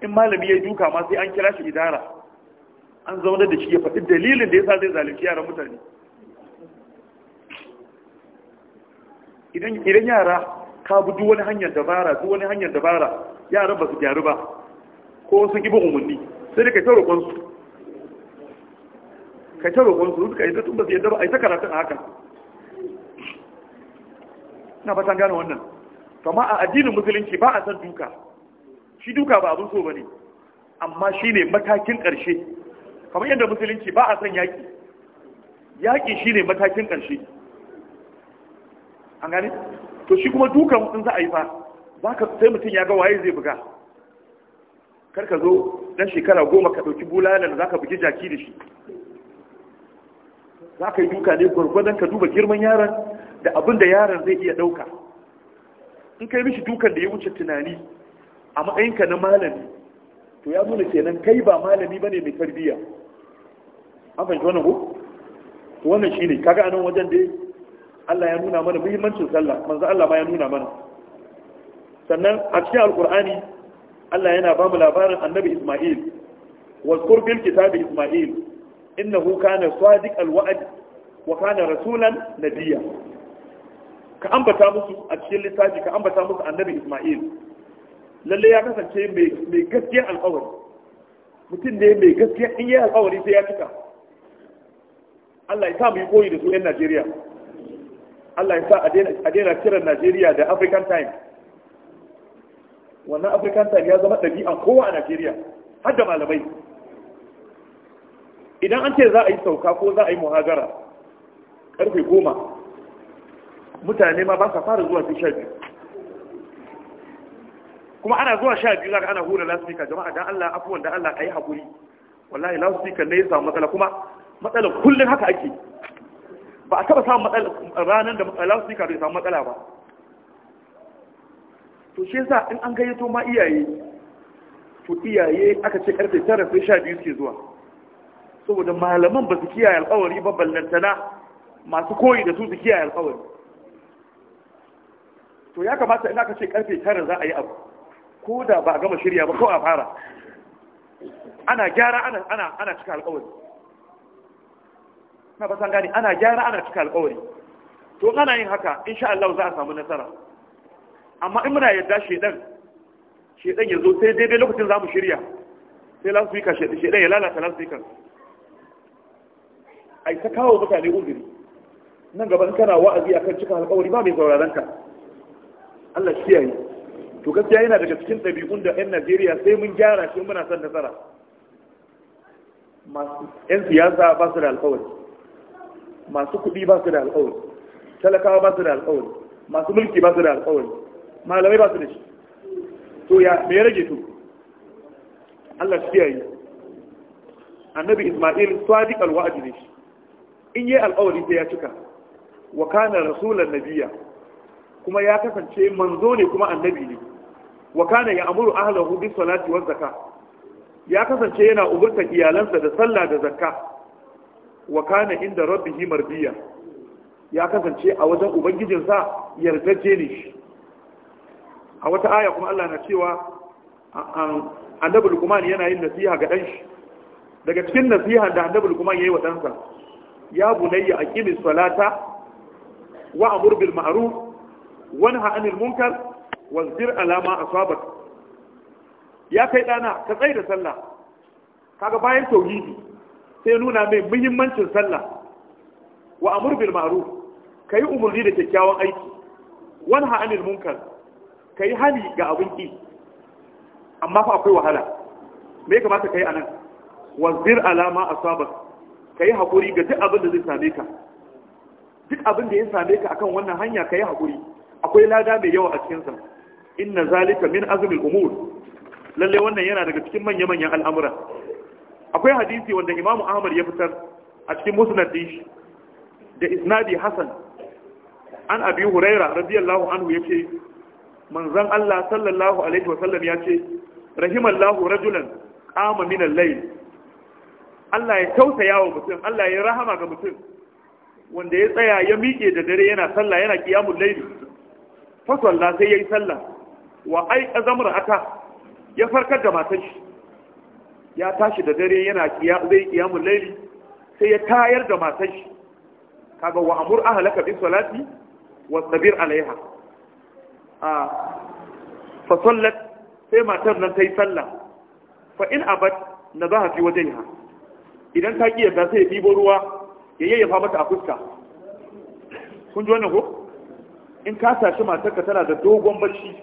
in malami ya duka ma sai an kira shi idara an zaune da shi ya faɗi dalilin da ya sa zai zalunci yaran mutane idan yara ka bi duk wani hanyar dabara duk wani hanyar dabara yaran ba su gyaru ba ko sun ki bin umarni sai da kai ta roƙon kai ta roƙon su duka yadda tun ba su yadda ba a yi ta karatun a haka na fatan gane wannan kama a addinin musulunci ba a san duka shi duka ba abin so ba ne amma shi ne matakin ƙarshe kamar yadda musulunci ba a san yaƙi yaƙi shi ne matakin ƙarshe an gane to shi kuma dukan sun za a yi fa ba ka sai mutum ya ga waye zai buga kar ka zo dan shekara goma ka ɗauki bulalar za ka bugi jaki da shi za ka yi duka ne gwargwadon ka duba girman yaron da abin da yaron zai iya ɗauka in kai mishi dukan da ya wuce tunani a matsayinka na malami to ya nuna kenan kai ba malami ba ne mai tarbiyya an fahimci wannan ko to wannan shine kaga anan wajen dai Allah ya nuna mana muhimmancin sallah manzo Allah ma ya nuna mana sannan a cikin alqur'ani Allah yana ba mu labarin annabi Isma'il wa qurbil kitabi Isma'il innahu kana sadiqal wa'd wa kana rasulan nabiyya ka ambata musu a cikin littafi ka ambata musu annabi Isma'il lalle ya kasance mai gaskiyar mutum ne mai gaskiya in yi alƙawari sai ya cika Allah ya sa mu yi koyi da su 'yan Najeriya Allah ya sa a daina kiran Najeriya da African time wannan African time ya zama ɗabi'a kowa a Najeriya har da malamai idan an ce za a yi sauka ko za a yi muhagara karfe goma mutane ma ba sa fara zuwa fi sha biyu kuma ana zuwa sha biyu ka ana hura lasfika jama'a dan Allah afuwan dan Allah ayi haƙuri wallahi lasfika ne ya samu matsala kuma matsalar kullum haka ake ba a taba samun matsala ranar da lasfika bai samu matsala ba to shi yasa in an gayyato ma iyaye to iyaye aka ce karfe 9 sai 12 ke zuwa saboda malaman ba su kiyaye alkawari ba ballantana masu koyi da su su kiyaye alkawari to ya kamata ina ka ce karfe tara za a yi abu ko da ba a gama shirya ba ko a fara ana gyara ana ana ana cika alkawari na ba san gani ana gyara ana cika alkawari to ana yin haka insha Allah za a samu nasara amma in muna yadda shedan shedan ya zo sai daidai lokacin za mu shirya sai lasu yi shedan ya lalata lasu yi ai ta kawo mutane uzuri nan gaba in kana wa'azi akan cika alƙawari ba mai sauraron ka Allah shi yayi to gaskiya yana daga cikin ɗabi'un da 'yan Najeriya sai mun gyara shi muna son nasara masu 'yan siyasa ba su da alƙawari masu kuɗi ba su da alƙawari talakawa ba su da alƙawari masu mulki ba su da alƙawari malamai ba su da shi to ya me ya rage to Allah shi yayi annabi Isma'il sadiq al-wa'd ne shi in yi alƙawari sai ya cika wa kana rasulan nabiya kuma ya kasance manzo ne kuma annabi ne wa kana ya amuru ahlahu bis salati waz zakah ya kasance yana umurta iyalansa da sallah da zakka wa kana inda rabbihi biya. ya kasance a wajen ubangijinsa yardaje ne shi a wata aya kuma Allah na cewa annabi Luqman yana yin nasiha ga dan daga cikin nasiha da annabi ya yayi wa ɗansa ya bunayya aqimi salata wa amur bil ma'ruf wa nahy munkar wa zir ala ma ya kai ɗana ka tsaya da sallah kaga bayan tauhidi sai nuna mai muhimmancin sallah wa amur bil ma'ruf kai umurni da kyakkyawan aiki wani nahy munkar kai hali ga abin ki amma fa akwai wahala me ya kamata kai anan wazir alama asabak ka yi haƙuri ga duk abin da zai same ka duk abin da ya same ka akan wannan hanya ka yi haƙuri akwai lada mai yawa a cikinsa inna zalika min azumin umur lalle wannan yana daga cikin manya-manyan al'amura akwai hadisi wanda imamu ahmad ya fitar a cikin musnad din da isnadi hasan an abi huraira radiyallahu anhu yace manzon Allah sallallahu alaihi wa sallam yace rahimallahu rajulan qama min al-layl Allah ya tausaya wa mutum Allah ya rahama ga mutum wanda ya tsaya ya miƙe da dare yana sallah yana qiyamul layl fa sallah sai yayi sallah wa ai azamra aka ya farkar da matar shi ya tashi da dare yana zai qiyamul layl sai ya tayar da matar shi kaga wa amur ahlaka bi salati wa sabir alaiha a fa sallat sai matar nan ta yi sallah fa in abad na za fi wajhiha ha idan ta ƙi yadda sai ya ɗibo ruwa ya yayyafa mata a fuska kun ji wannan ko in ka tashi matarka tana da dogon bacci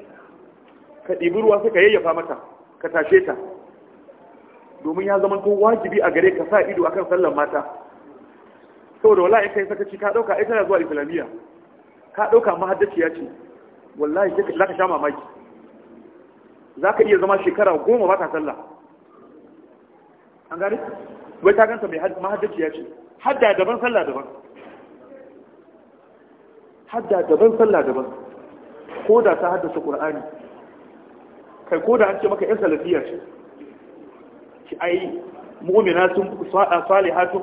ka ɗibi ruwa sai ka yayyafa mata ka tashe ta domin ya zama to wajibi a gare ka sa ido akan sallar mata saboda wallahi kai sakaci ka ɗauka ita tana zuwa islamiyya ka dauka mahaddaciya ce wallahi sai ka sha mamaki Za ka iya zama shekara goma ba ta sallah an gane wai ta ganta mai ya ce hadda daban sallah daban hadda daban sallah daban ko da ta haddasa ƙur'ani kai ko da an ce maka yan salafiya ce ki ai sun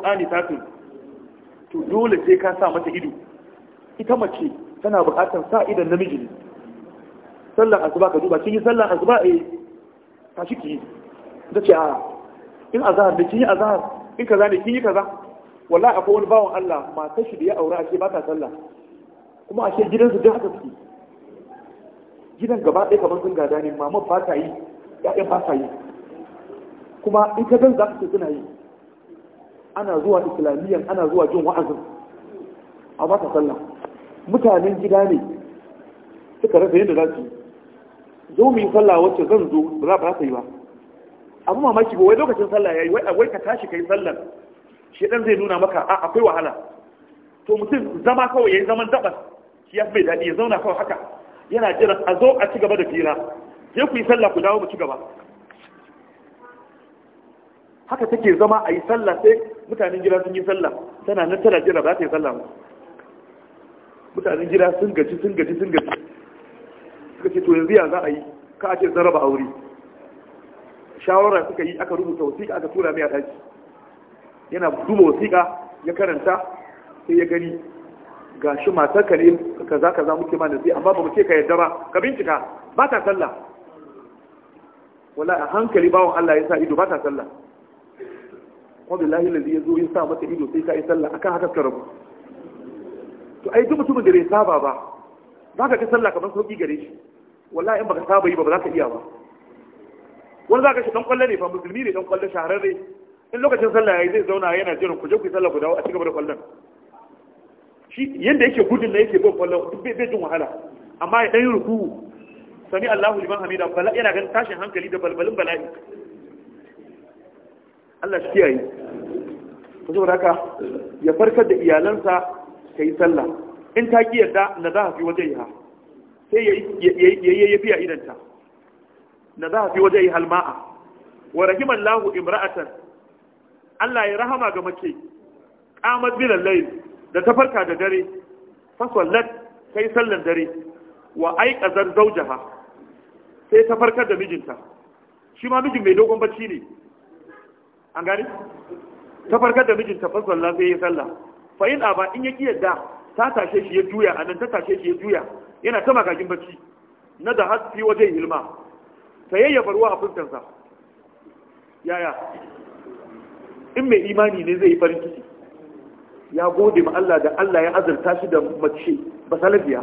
Ani, Tafi. to dole sai ka sa mata ido ita mace tana buƙatar sa idan namiji ne sallar asuba ka duba kin yi sallar asuba eh shi ki da ce a in azahar da kin yi azahar in kaza ne kin yi kaza wallahi akwai wani bawan Allah matar shi da ya aure ashe ba ta sallah kuma ashe gidansu duk haka suke gidan gaba ɗaya kamar sun gada ne mama ba ta yi ya'yan ba ta yi kuma in ka gan za ka ce suna yi ana zuwa islamiyyan ana zuwa jin wa'azin a ba ta sallah mutanen gida ne suka rasa yadda za su yi zo mu yi sallah wacce zan zo ba za ta yi ba abu mamaki ba wai lokacin sallah ya wai wai ka tashi ka yi sallar shi dan zai nuna maka a akwai wahala to mutum zama kawai ya yi zaman dabas shi ya bai daɗi ya zauna kawai haka yana jira a zo a ci gaba da fira je ku yi sallah ku dawo mu ci gaba haka take zama a yi sallah sai mutanen gida sun yi sallah tana nan tana jira ba ta yi sallah ba mutanen gida sun gaji sun gaji sun gaji suka ce to yanzu ya za a yi ka a ce zaraba aure shawara suka yi aka rubuta wasiƙa aka tura mai a daji yana duba wasiƙa ya karanta sai ya gani gashi matar ka ne kaza kaza muke ma nasi amma ba mu ce ka yarda ba ka bincika ba ta sallah wala a hankali bawon Allah ya sa ido ba ta sallah kuma lahi lalzi ya zo ya sa mata ido sai ka yi sallah akan haka ka rabu to ai duk mutumin da bai saba ba za ka ga sallah kamar sauki gare shi wallahi in baka saba yi ba ba za ka iya ba wani za ka shi ɗan kwallo ne fa musulmi ne ɗan kwallo shahararre in lokacin sallah ya yi zai zauna yana jiran ku je ku sallah ku dawo a cigaba da kwallon shi yanda yake gudun na yake bin kwallon duk bai jin wahala amma ya yi ruku sami Allahu liman hamida bala yana ganin tashin hankali da balbalin bala'i Allah shi kiyaye ku saboda haka ya farkar da iyalansa kai sallah in ta ƙi yarda na za fi wajen ya sai ya yi fi a idanta na za a fi waje yi halma'a wa rahiman lahu imra'atan Allah ya rahama ga mace qamat bil layl da ta farka da dare fa sallat kai sallan dare wa aiqazar zawjaha sai ta farkar da mijinta shi ma mijin mai dogon bacci ne an gani ta farkar da mijinta fa sallah sai ya sallah fa in aba in yaki yadda ta tashe shi ya juya anan ta tashe shi ya juya yana ta magagin bacci na da hasfi wajen hilma ta yayyafa ruwa a fuskarsa yaya in mai imani ne zai yi farin ciki ya gode ma Allah da Allah ya azurta shi da mace ba salafiya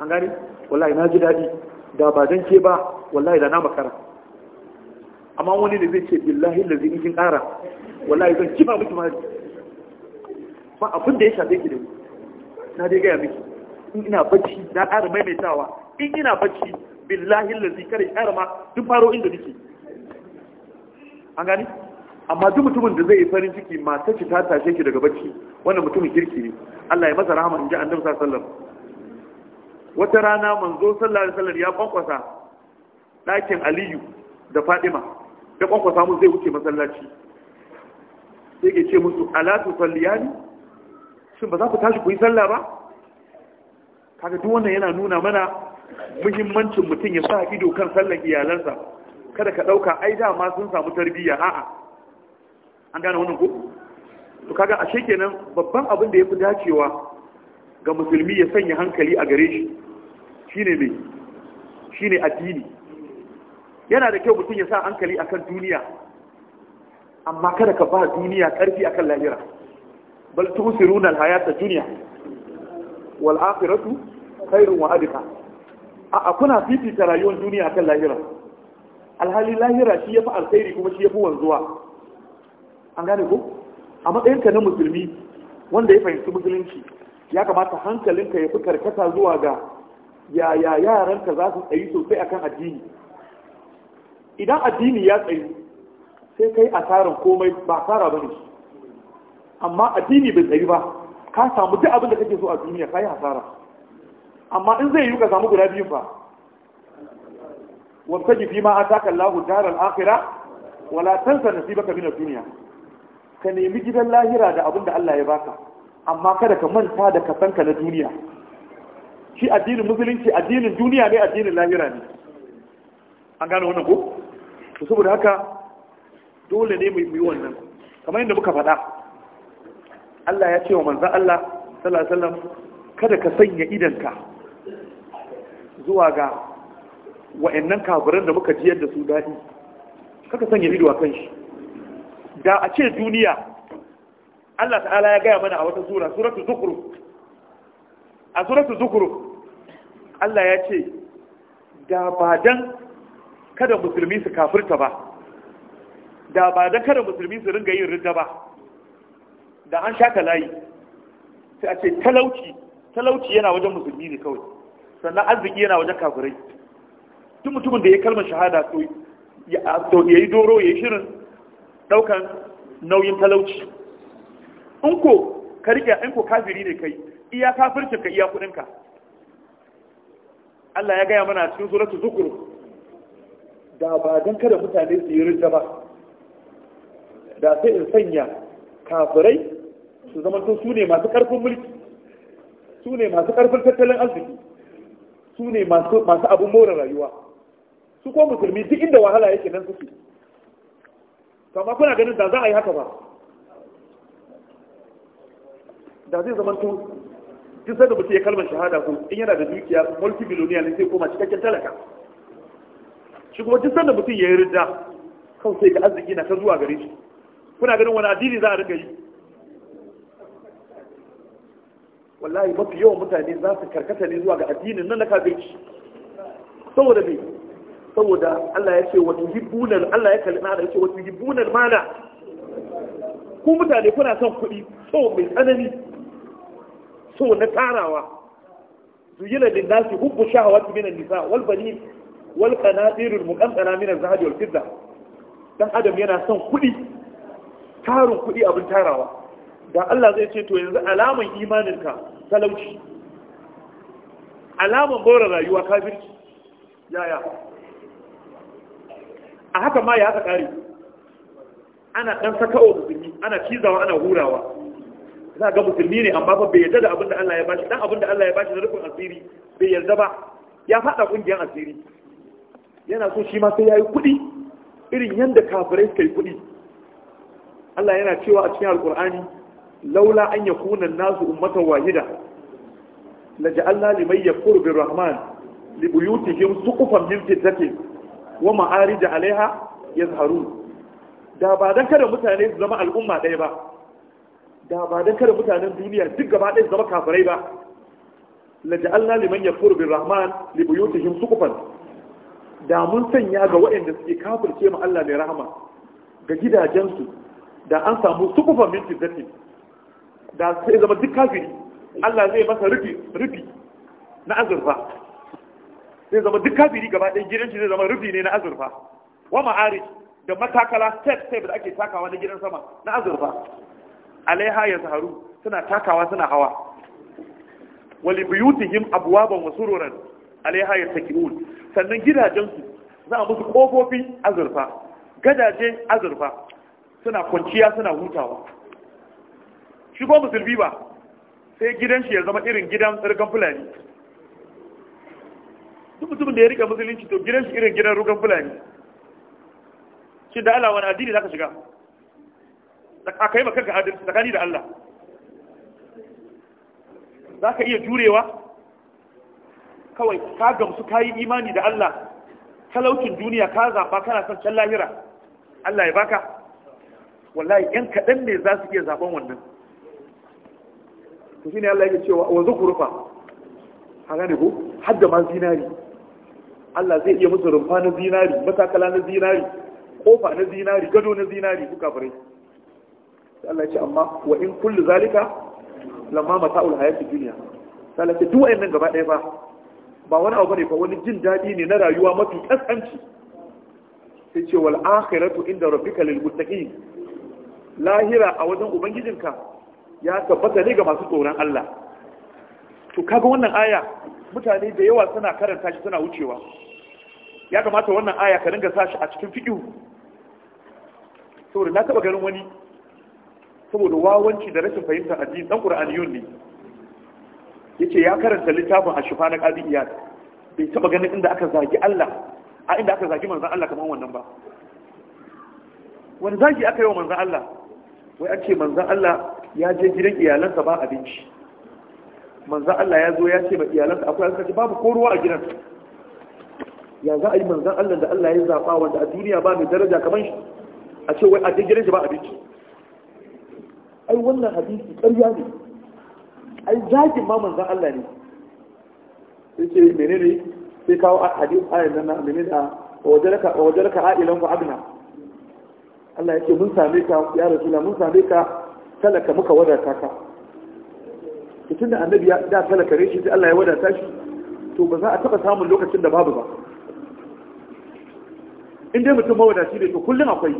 an gani wallahi na ji daɗi da ba dan ke ba wallahi da na makara amma wani da zai ce billahi lazi in kin ƙara wallahi zan kifa miki mari ba abin da ya shafe ki da mu na dai gaya miki in ina bacci na ƙara maimaitawa in yana bacci billahi lalzi kare shayar ma duk faro inda nake an gani amma duk mutumin da zai yi farin ciki mata ci ta tashe ki daga bacci wannan mutumin kirki ne Allah ya masa rahama in ji annabi sallallahu alaihi wata rana manzo sallallahu alaihi sallar ya kwankwasa ɗakin Aliyu da Fadima ya kwankwasa mu zai wuce masallaci sai ke ce musu ala tu salliyani shin ba za ku tashi ku yi sallah ba kaga duk wannan yana nuna mana muhimmancin mutum ya sa ido kan sallan iyalansa kada ka ɗauka ai dama sun samu tarbiyya a'a an gane wannan ko to kaga ashe kenan babban abin da yafi dacewa ga musulmi ya sanya hankali a gare shi shine me shine addini yana da kyau mutum ya sa hankali akan duniya amma kada ka ba duniya karfi akan lahira bal tusiruna alhayata dunya wal akhiratu khairun wa adqa a kuna fifita rayuwar duniya akan lahira alhali lahira shi ya fi alkhairi kuma shi ya fi wanzuwa an gane ko a matsayinka na musulmi wanda ya fahimci musulunci ya kamata hankalinka ya fi karkata zuwa ga yaya yaranka za su tsayi sosai akan addini idan addini ya tsayi sai kai asarar komai ba asara ba ne amma addini bai tsayi ba ka samu duk abin da kake so a duniya ka yi hasara. amma in zai yi ka samu guda biyun fa wattaji fi ma ataka lahu daral akhirah wala tansa nasibaka min ad-dunya ka nemi gidan lahira da abin da Allah ya baka amma kada ka manta da kasanka na duniya shi addinin musulunci addinin duniya ne addinin lahira ne an gane wannan ko to saboda haka dole ne mu yi wannan kamar yadda muka faɗa Allah ya ce wa manzan Allah sallallahu alaihi wasallam kada ka sanya idanka zuwa ga wa'annan kafiran da muka jiyar da su daɗi kaka sanya ido a kan shi da a ce duniya Allah ta'ala ya gaya mana a wata sura suratul zukuru, a suratul zukuru. Allah ya ce da ba dan kada musulmi su kafirta ba da ba dan kada musulmi su ringa yin ridda ba da an shaka layi sai a ce talauci talauci yana wajen musulmi ne kawai sannan arziki yana wajen kafirai tun mutumin da ya kalmar shahada to ya yi doro ya yi shirin daukan nauyin talauci in ko ka in ko kafiri ne kai iya kafircin ka iya kudinka Allah ya gaya mana a cikin suratul zukuru da ba don kada mutane su yi rinta ba da sai in sanya kafirai su zama su ne masu karfin mulki su ne masu karfin tattalin arziki su ne masu abin more rayuwa su ko musulmi duk inda wahala yake nan suke to amma kuna ganin da za a yi haka ba da zai zama to duk da mutum ya kalmar shahada ko in yana da dukiya multi biloniya ne sai koma cikakken talaka shi kuma duk da mutum ya yi ridda kawai sai ga arziki na ta zuwa gare shi kuna ganin wani addini za a riga yi wallahi mafi yawan mutane za su karkata ne zuwa ga addinin nan na kafirci saboda me saboda Allah ya ce wato hibbunan Allah ya kalli na ya ce wato hibbunan mana ku mutane kuna son kuɗi so mai tsanani so na tarawa zuyina lin nasi hubbu shahawati min an-nisa wal banin wal qanatir al-muqantara min az-zahabi wal fidda dan adam yana son kuɗi tarin kuɗi abin tarawa da Allah zai ce to yanzu alaman imaninka talauci alaman bora rayuwa kafirci yaya a haka ma ya haka kare ana dan sakawa musulmi ana cizawa ana hurawa za ga musulmi ne amma bai yarda da abinda da Allah ya bashi dan abinda Allah ya bashi na rufin asiri bai yarda ba ya faɗa ƙungiyar asiri yana so shi ma sai yayi kuɗi irin yadda kafirai suka yi kudi Allah yana cewa a cikin alkur'ani laula an kunan nasu ummata wahida la ja'alna liman yakfuru birrahman li buyutihim suqufan min fiddatin wa ma'arij 'alayha yazharun da ba dan kada mutane su zama al'umma ɗaya ba da ba dan kada mutanen duniya duk gaba ɗaya su zama kafirai ba la ja'alna liman yakfuru birrahman li buyutihim suqufan da mun sanya ga waɗanda suke kafirce mu Allah mai rahama ga gidajensu da an samu suqufan min fiddatin da sai zama duk kafiri Allah zai masa rufi rufi na azurfa zai zama duk kafiri gaba ɗaya gidan shi zai zama rufi ne na azurfa wa ma'arij da matakala step step da ake takawa na gidan sama na azurfa alaiha ya zaharu suna takawa suna hawa wali buyutihim abwaban wa sururan alaiha ya sakiun sannan gidajensu za a musu kofofi azurfa gadaje azurfa suna kwanciya suna hutawa shi ko musulmi ba sai gidan shi ya zama irin gidan sarkan fulani duk mutumin da ya rika musulunci to gidan shi irin gidan rukan fulani shi da Allah wani addini zaka shiga a kai maka ga adalci tsakani da Allah za ka iya jurewa kawai ka gamsu ka yi imani da Allah talaucin duniya ka zaba kana son can lahira Allah ya baka wallahi 'yan kaɗan ne za su iya zaɓen wannan to shine Allah yake cewa wa zukhrufa haka ne ko hadda ma zinari Allah zai iya musu rumfa na zinari matakala na zinari kofa na zinari gado na zinari ku kafirai sai Allah ya ce amma wa in kullu zalika lamma mata'ul hayati dunya Allah ya ce duk wayannan gaba ɗaya ba ba wani abu ne fa wani jin daɗi ne na rayuwa mafi kasanci sai ce wal akhiratu inda rabbika lil muttaqin lahira a wajen ubangijinka ya tabbata ne ga masu tsoron Allah to kaga wannan aya mutane da yawa suna karanta shi suna wucewa ya kamata wannan aya ka dinga sashi a cikin fiƙi saboda na taba ganin wani saboda wawanci da rashin fahimtar addini dan yau ne yace ya karanta littafin ashifa na Iyad. bai taba ganin inda aka zagi Allah a inda aka zagi manzon Allah kamar wannan ba wani zagi aka yi wa manzon Allah wai an ce manzon Allah ya je gidan iyalansa ba abinci manzan Allah ya zo ya ce ba iyalansa akwai alkaci babu ko ruwa a gidan ya za a yi manzan Allah da Allah ya zaɓa wanda a duniya ba mai daraja kamar shi a ce wai a je gidan shi ba abinci ai wannan hadisi ƙarya ne ai zagin ma manzan Allah ne sai ce menene sai kawo a hadisi ayan nan menene a wajarka wajarka ilan ku abna Allah ya ce mun same ka ya rasula mun same ka talaka muka wadata ka tun da annabi da talaka ne shi sai Allah ya wadata shi to ba za a taba samun lokacin da babu ba in dai mutum mawadaci ne to kullum akwai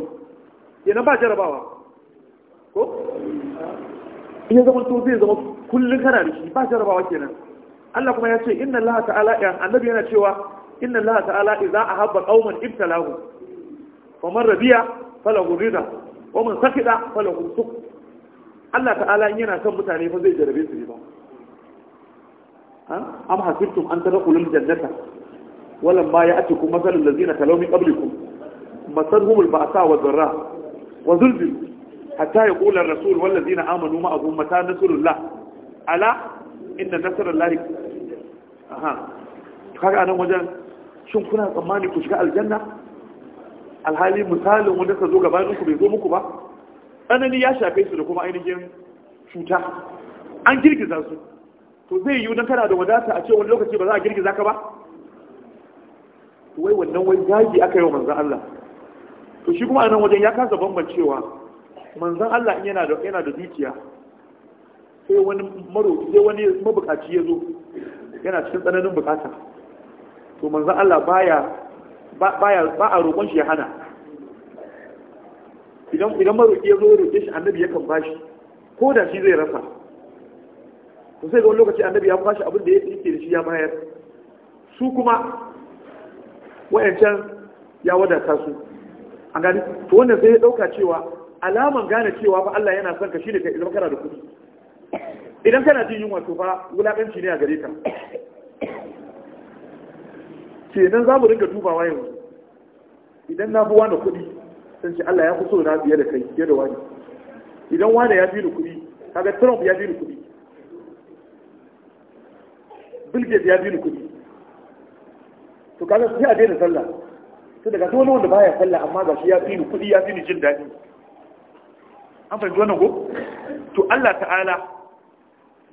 yana ba jarabawa ko in ya zama to zai zama kullum kana da shi ba jarabawa kenan Allah kuma ya ce inna Allah ta'ala ya annabi yana cewa inna Allah ta'ala idza ahabba qauman ibtalahu faman rabiya falahu rida wa man sakida falahu suk Allah ta'ala in yana kan mutane fa zai jarabe su ne ba am hasibtum an tadkhulul jannata walam ma ya'tikum mathalul ladzina kalaw min qablikum masarhum al-ba'sa wa dharra wa zulzil hatta yaqula ar-rasul wal ladzina amanu ma'ahu mata nasrullah ala inna nasrallahi aha kaga anan wajen shin kuna tsammani ku shiga aljanna alhali misalin wanda ka zo gabaninku bai zo muku ba tsanani ya shafe su da kuma ainihin cuta an girgiza su to zai yiwu don kana da wadata a ce wani lokaci ba za a girgiza ka ba wai wannan wai zagi aka yi wa manzan Allah to shi kuma a nan wajen ya kasa bambancewa manzan Allah in yana da yana dukiya sai wani sai wani mabukaci ya zo yana cikin tsananin bukata to manzan Allah ba a roƙon shi ya hana idan idan maroki ya zo roƙe shi annabi yakan bashi ko da shi zai rasa to sai ga wani lokaci annabi ya bashi abin da yake da shi ya bayar su kuma wayancan ya wadata su an gani to wannan sai ya dauka cewa alaman gane cewa fa Allah yana son ka shine kai idan kana da kuɗi idan kana jin yunwa to fa wulakanci ne a gare ka kenan za mu rinka dubawa yanzu idan na buwa da kuɗi sun ce Allah ya fi so na fiye da kai fiye da wani idan wani ya fi ni kuɗi kaga Trump ya fi ni kuɗi Bill Gates ya fi ni kuɗi to kaga sai a daina sallah sai daga wani wanda baya sallah amma ga shi ya fi ni kuɗi ya fi ni jin daɗi an fahimci wannan ko to Allah ta'ala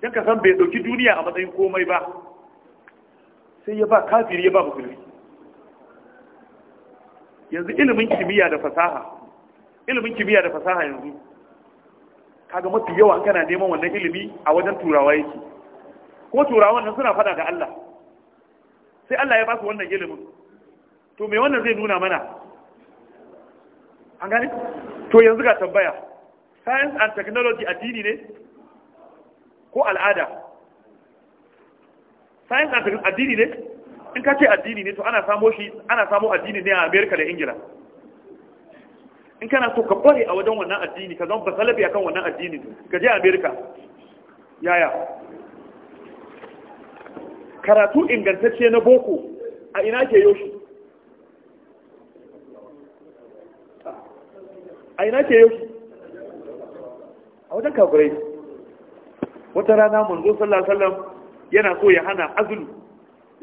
dan ka san bai dauki duniya a matsayin komai ba sai ya ba kafiri ya ba musulmi yanzu ilimin kimiyya da fasaha ilimin kimiyya da fasaha yanzu kaga mafi yawa kana neman wannan ilimi a wajen turawa yake ko turawan nan suna fada da Allah sai Allah ya ba su wannan ilimin to me wannan zai nuna mana an gane to yanzu ga tambaya science and technology addini ne ko al'ada science and addini ne in ka ce addini ne to ana samo shi ana samo addini ne a Amerika da Ingila in kana so ka bari a wajen wannan addini ka zama a akan wannan addini ka je amerika yaya karatu ingantacce na boko a ina ke yoshi a ina ke yoshi a wajen kagurai wata rana manzo sallallahu alaihi wasallam yana so ya hana azulu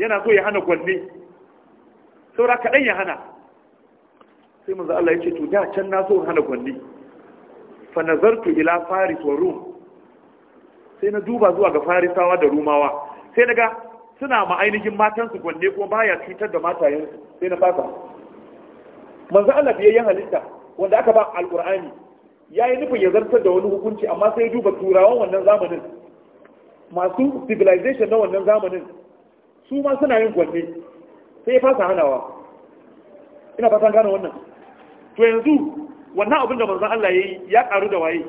yana so ya hana gwanne saura kaɗan ya hana sai maza Allah ya ce to da can na so hana gwanne fa nazartu ila faris wa rum sai na duba zuwa ga farisawa da rumawa sai daga suna ma ainihin matansu gwanne kuma baya cutar da matayensu sai na fasa manzo Allah biyayyen halitta wanda aka ba alqur'ani yayi nufin ya zartar da wani hukunci amma sai ya duba turawan wannan zamanin masu civilization na wannan zamanin su ma suna yin gwanne sai ya fasa hanawa ina fata gano wannan to yanzu wannan abin da manzon Allah yi, ya karu da waye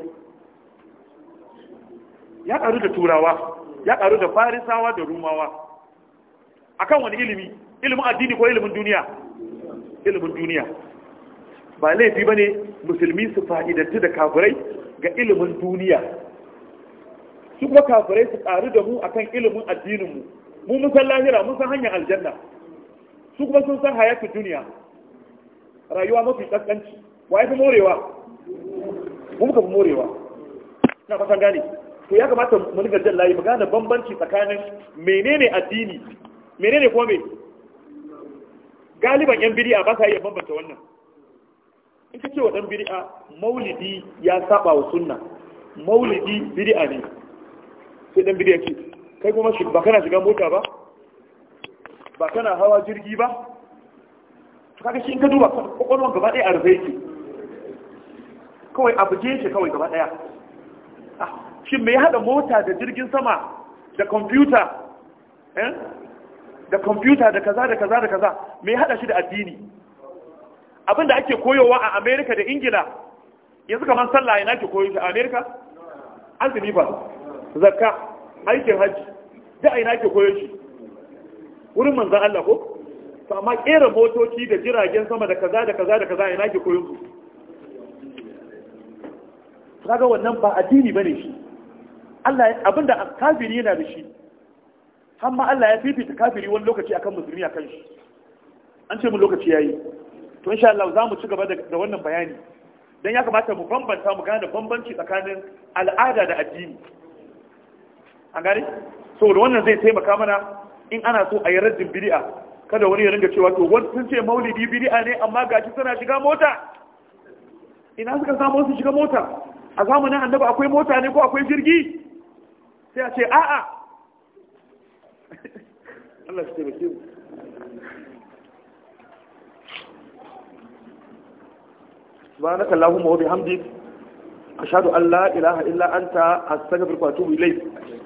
ya karu da turawa ya karu da farisawa da rumawa akan wani ilimi ilimin addini ko ilimin duniya ilimin duniya ba laifi bane musulmi su fa'idantu da kafirai ga ilimin duniya su kuma kafirai su karu da mu akan ilimin addinin mu mu mun san lahira mun san hanyar aljanna su kuma sun san hayatu duniya rayuwa mafi tsakanci wa ya fi morewa mu muka fi morewa na fatan gane to ya kamata mu riga jan layi mu gane bambanci tsakanin menene addini menene kuma me galiban yan bid'a ba sa iya bambanta wannan in ka ce wa dan bid'a maulidi ya saba wa sunna maulidi bid'a ne sai dan bid'a ce kai kuma ba kana shiga mota ba ba kana hawa jirgi ba to kaga shi in ka duba kwakwalwan gaba ɗaya a rufe yake kawai abu je kawai gaba ɗaya ah, shi mai hada mota da jirgin sama da kwamfuta eh? da kwamfuta da kaza da kaza da kaza mai hada shi da addini abinda ake koyowa a amerika da ingila yanzu kamar sallah na ke koyo shi a amerika azumi ba zakka aikin hajji da a ina ke koyo shi wurin manzan Allah ko to amma kera motoci da jiragen sama da kaza da kaza da kaza ina ke koyo su kaga wannan ba addini bane shi Allah abinda kafiri yana da shi har ma Allah ya fifita kafiri wani lokaci akan musulmi akan shi an ce mu lokaci yayi to insha Allah za mu ci gaba da wannan bayani dan ya kamata mu bambanta mu gane bambanci tsakanin al'ada da addini an gane da wannan zai taimaka mana in ana so a yi rajin bidi'a kada wani ya ringa cewa to wani sun ce maulidi bidi'a ne amma gaci suna shiga mota ina suka samu su shiga mota a zamanin annaba akwai mota ne ko akwai jirgi sai a ce a'a Allah shi taimake mu سبحانك اللهم وبحمدك أشهد أن لا إله إلا أنت أستغفرك وأتوب إليك